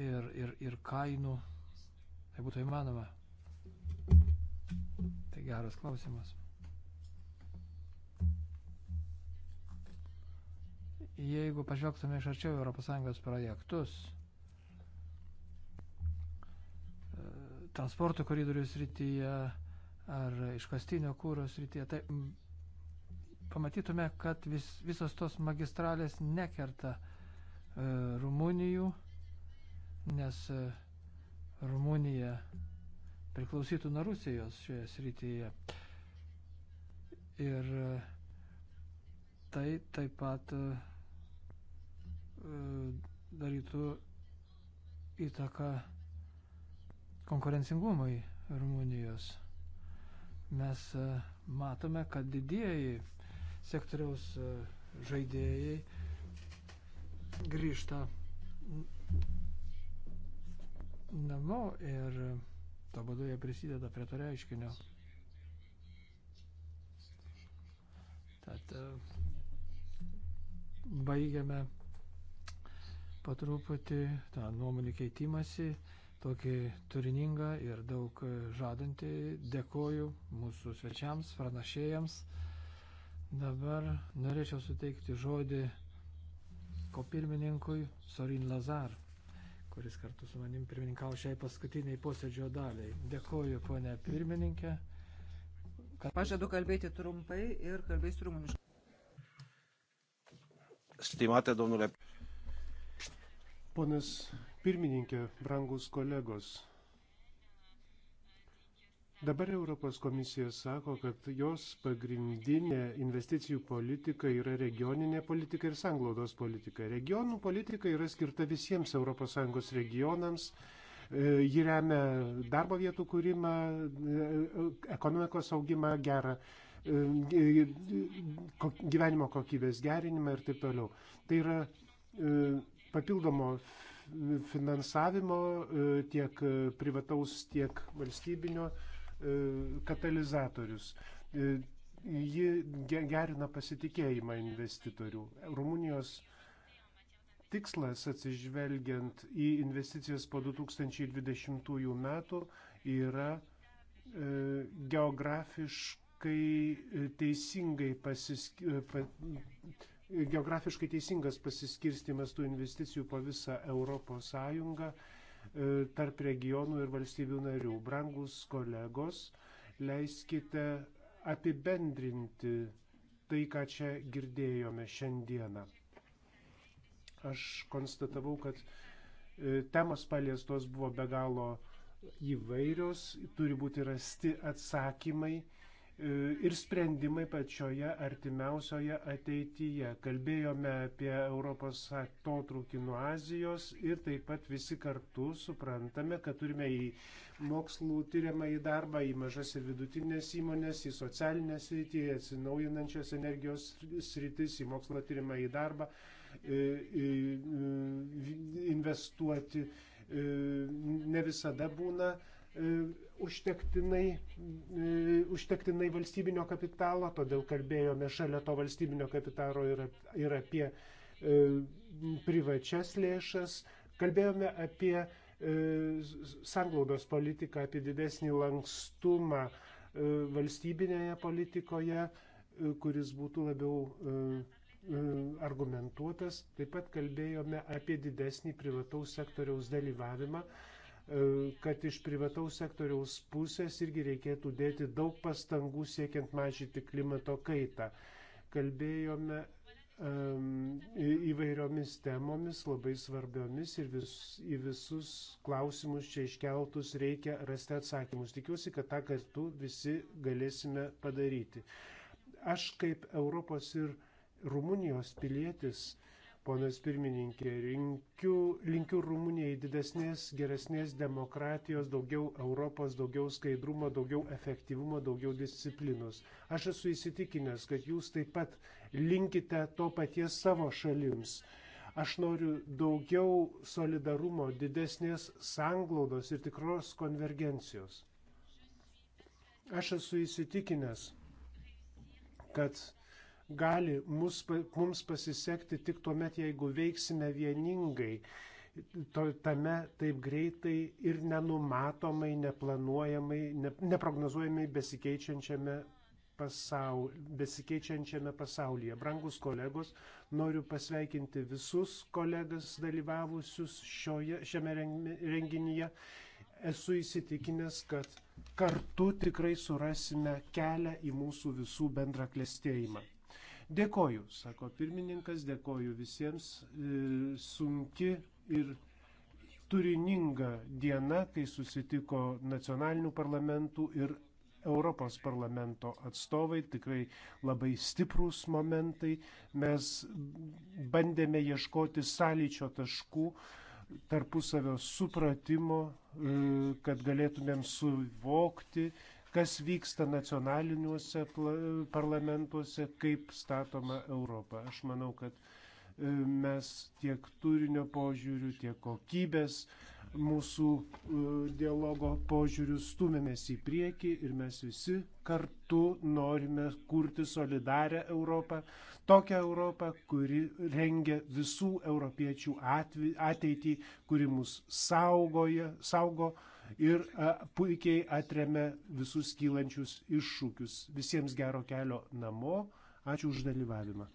D: ir, ir, ir kainų. Tai būtų įmanoma. Tai geras klausimas. Jeigu pažvelgtume iš arčiau ES projektus, e, transporto koridorius rytyje ar iškastinio kūros rytyje, tai pamatytume, kad vis, visos tos magistralės nekerta e, Rumunijų, nes e, Rumunija priklausytų nuo Rusijos šioje srityje. Ir e, tai taip pat e, e darytų įtaką konkurencingumui Rumunijos. Mes e, matome, kad didieji sektoriaus e, žaidėjai grįžta namo ir to būdu jie prisideda prie to reiškinio. Tad e, baigiame po truputį tą nuomonį keitimąsi, tokį turiningą ir daug žadantį. Dėkoju mūsų svečiams, pranašėjams. Dabar norėčiau suteikti žodį kopirmininkui Sorin Lazar, kuris kartu su manim pirmininkau šiai paskutiniai posėdžio daliai. Dėkoju,
C: ponė pirmininkė. Kad... Pažadu kalbėti trumpai ir kalbėsiu rumuniškai.
B: Stimate, domnule. Ponas pirmininkė, brangus kolegos, Dabar Europos komisija sako, kad jos pagrindinė investicijų politika yra regioninė politika ir sanglaudos politika. Regionų politika yra skirta visiems ES regionams. E, ji remia darbo vietų kūrimą, e, ekonomikos augimą, gerą e, gyvenimo kokybės gerinimą ir taip toliau. Tai yra papildomo finansavimo tiek privataus, tiek valstybinio E, katalizatorius. E, ji gerina pasitikėjimą investitorių. Rumunijos tikslas atsižvelgiant į investicijas po 2020 metų yra e, geografiškai teisingai pasiskirti geografiškai teisingas pasiskirstimas tų investicijų po visą Europos Sąjungą E, tarp regionų ir valstybių narių. Brangus kolegos, leiskite apibendrinti tai, ką čia girdėjome šiandieną. Aš konstatavau, kad e, temos paliestos buvo be galo įvairios, turi būti rasti atsakymai ir sprendimai pačioje artimiausioje ateityje. Kalbėjome apie Europos atotrūkį nuo Azijos ir taip pat visi kartu suprantame, kad turime į mokslų tyriamą į darbą, į mažas ir vidutinės įmonės, į socialinę sritį, į atsinaujinančios energijos sritis, į mokslo tyrimą e, į darbą e, investuoti e, ne visada būna E, užtektinai, e, užtektinai valstybinio kapitalo, todėl kalbėjome šalia to valstybinio kapitalo ir, ir apie e, privačias lėšas, kalbėjome apie sanglaudos politiką, apie didesnį lankstumą valstybinėje politikoje, kuris būtų labiau argumentuotas. Taip pat kalbėjome apie didesnį privataus sektoriaus dalyvavimą kad iš privataus sektoriaus pusės irgi reikėtų dėti daug pastangų siekiant mažyti klimato kaitą. Kalbėjome um, įvairiomis temomis, labai svarbiomis ir vis, į visus klausimus čia iškeltus reikia rasti atsakymus. Tikiuosi, kad tą kartu visi galėsime padaryti. Aš kaip Europos ir Rumunijos pilietis uh, Ponas pirmininkė, linkiu, linkiu Rumunijai didesnės, geresnės demokratijos, daugiau Europos, daugiau skaidrumo, daugiau efektyvumo, daugiau disciplinos. Aš esu įsitikinęs, kad jūs taip pat linkite to paties savo šalims. Aš noriu daugiau solidarumo, didesnės sanglaudos ir tikros konvergencijos. Aš esu įsitikinęs, kad gali mus, mums pasisekti tik tuo met, jeigu veiksime vieningai tame taip greitai ir nenumatomai, neplanuojamai, ne, neprognozuojamai besikeičiančiame pasaul, besikeičiančiame pasaulyje. Brangus kolegos, noriu pasveikinti visus kolegas dalyvavusius šioje, šiame renginyje. Esu įsitikinęs, kad kartu tikrai surasime kelią į mūsų visų bendrą klėstėjimą. Dėkoju, sako pirmininkas, dėkoju visiems. E, sunki ir turininga diena, kai susitiko nacionalinių parlamentų ir Europos parlamento atstovai, tikrai labai stiprūs momentai. Mes bandėme ieškoti sąlyčio taškų, tarpusavio supratimo, e, kad galėtumėm suvokti kas vyksta nacionaliniuose parlamentuose, kaip statoma Europa. Aš manau, kad e, mes tiek turinio požiūrių, tiek kokybės mūsų e, dialogo požiūrių stumėmės į priekį ir mes visi kartu norime kurti solidarę Europą, tokią Europą, kuri rengia visų europiečių ateitį, kuri mus saugoja, saugo ir a, puikiai atremia visus kylančius iššūkius. Visiems gero kelio namo. Ačiū už dalyvavimą.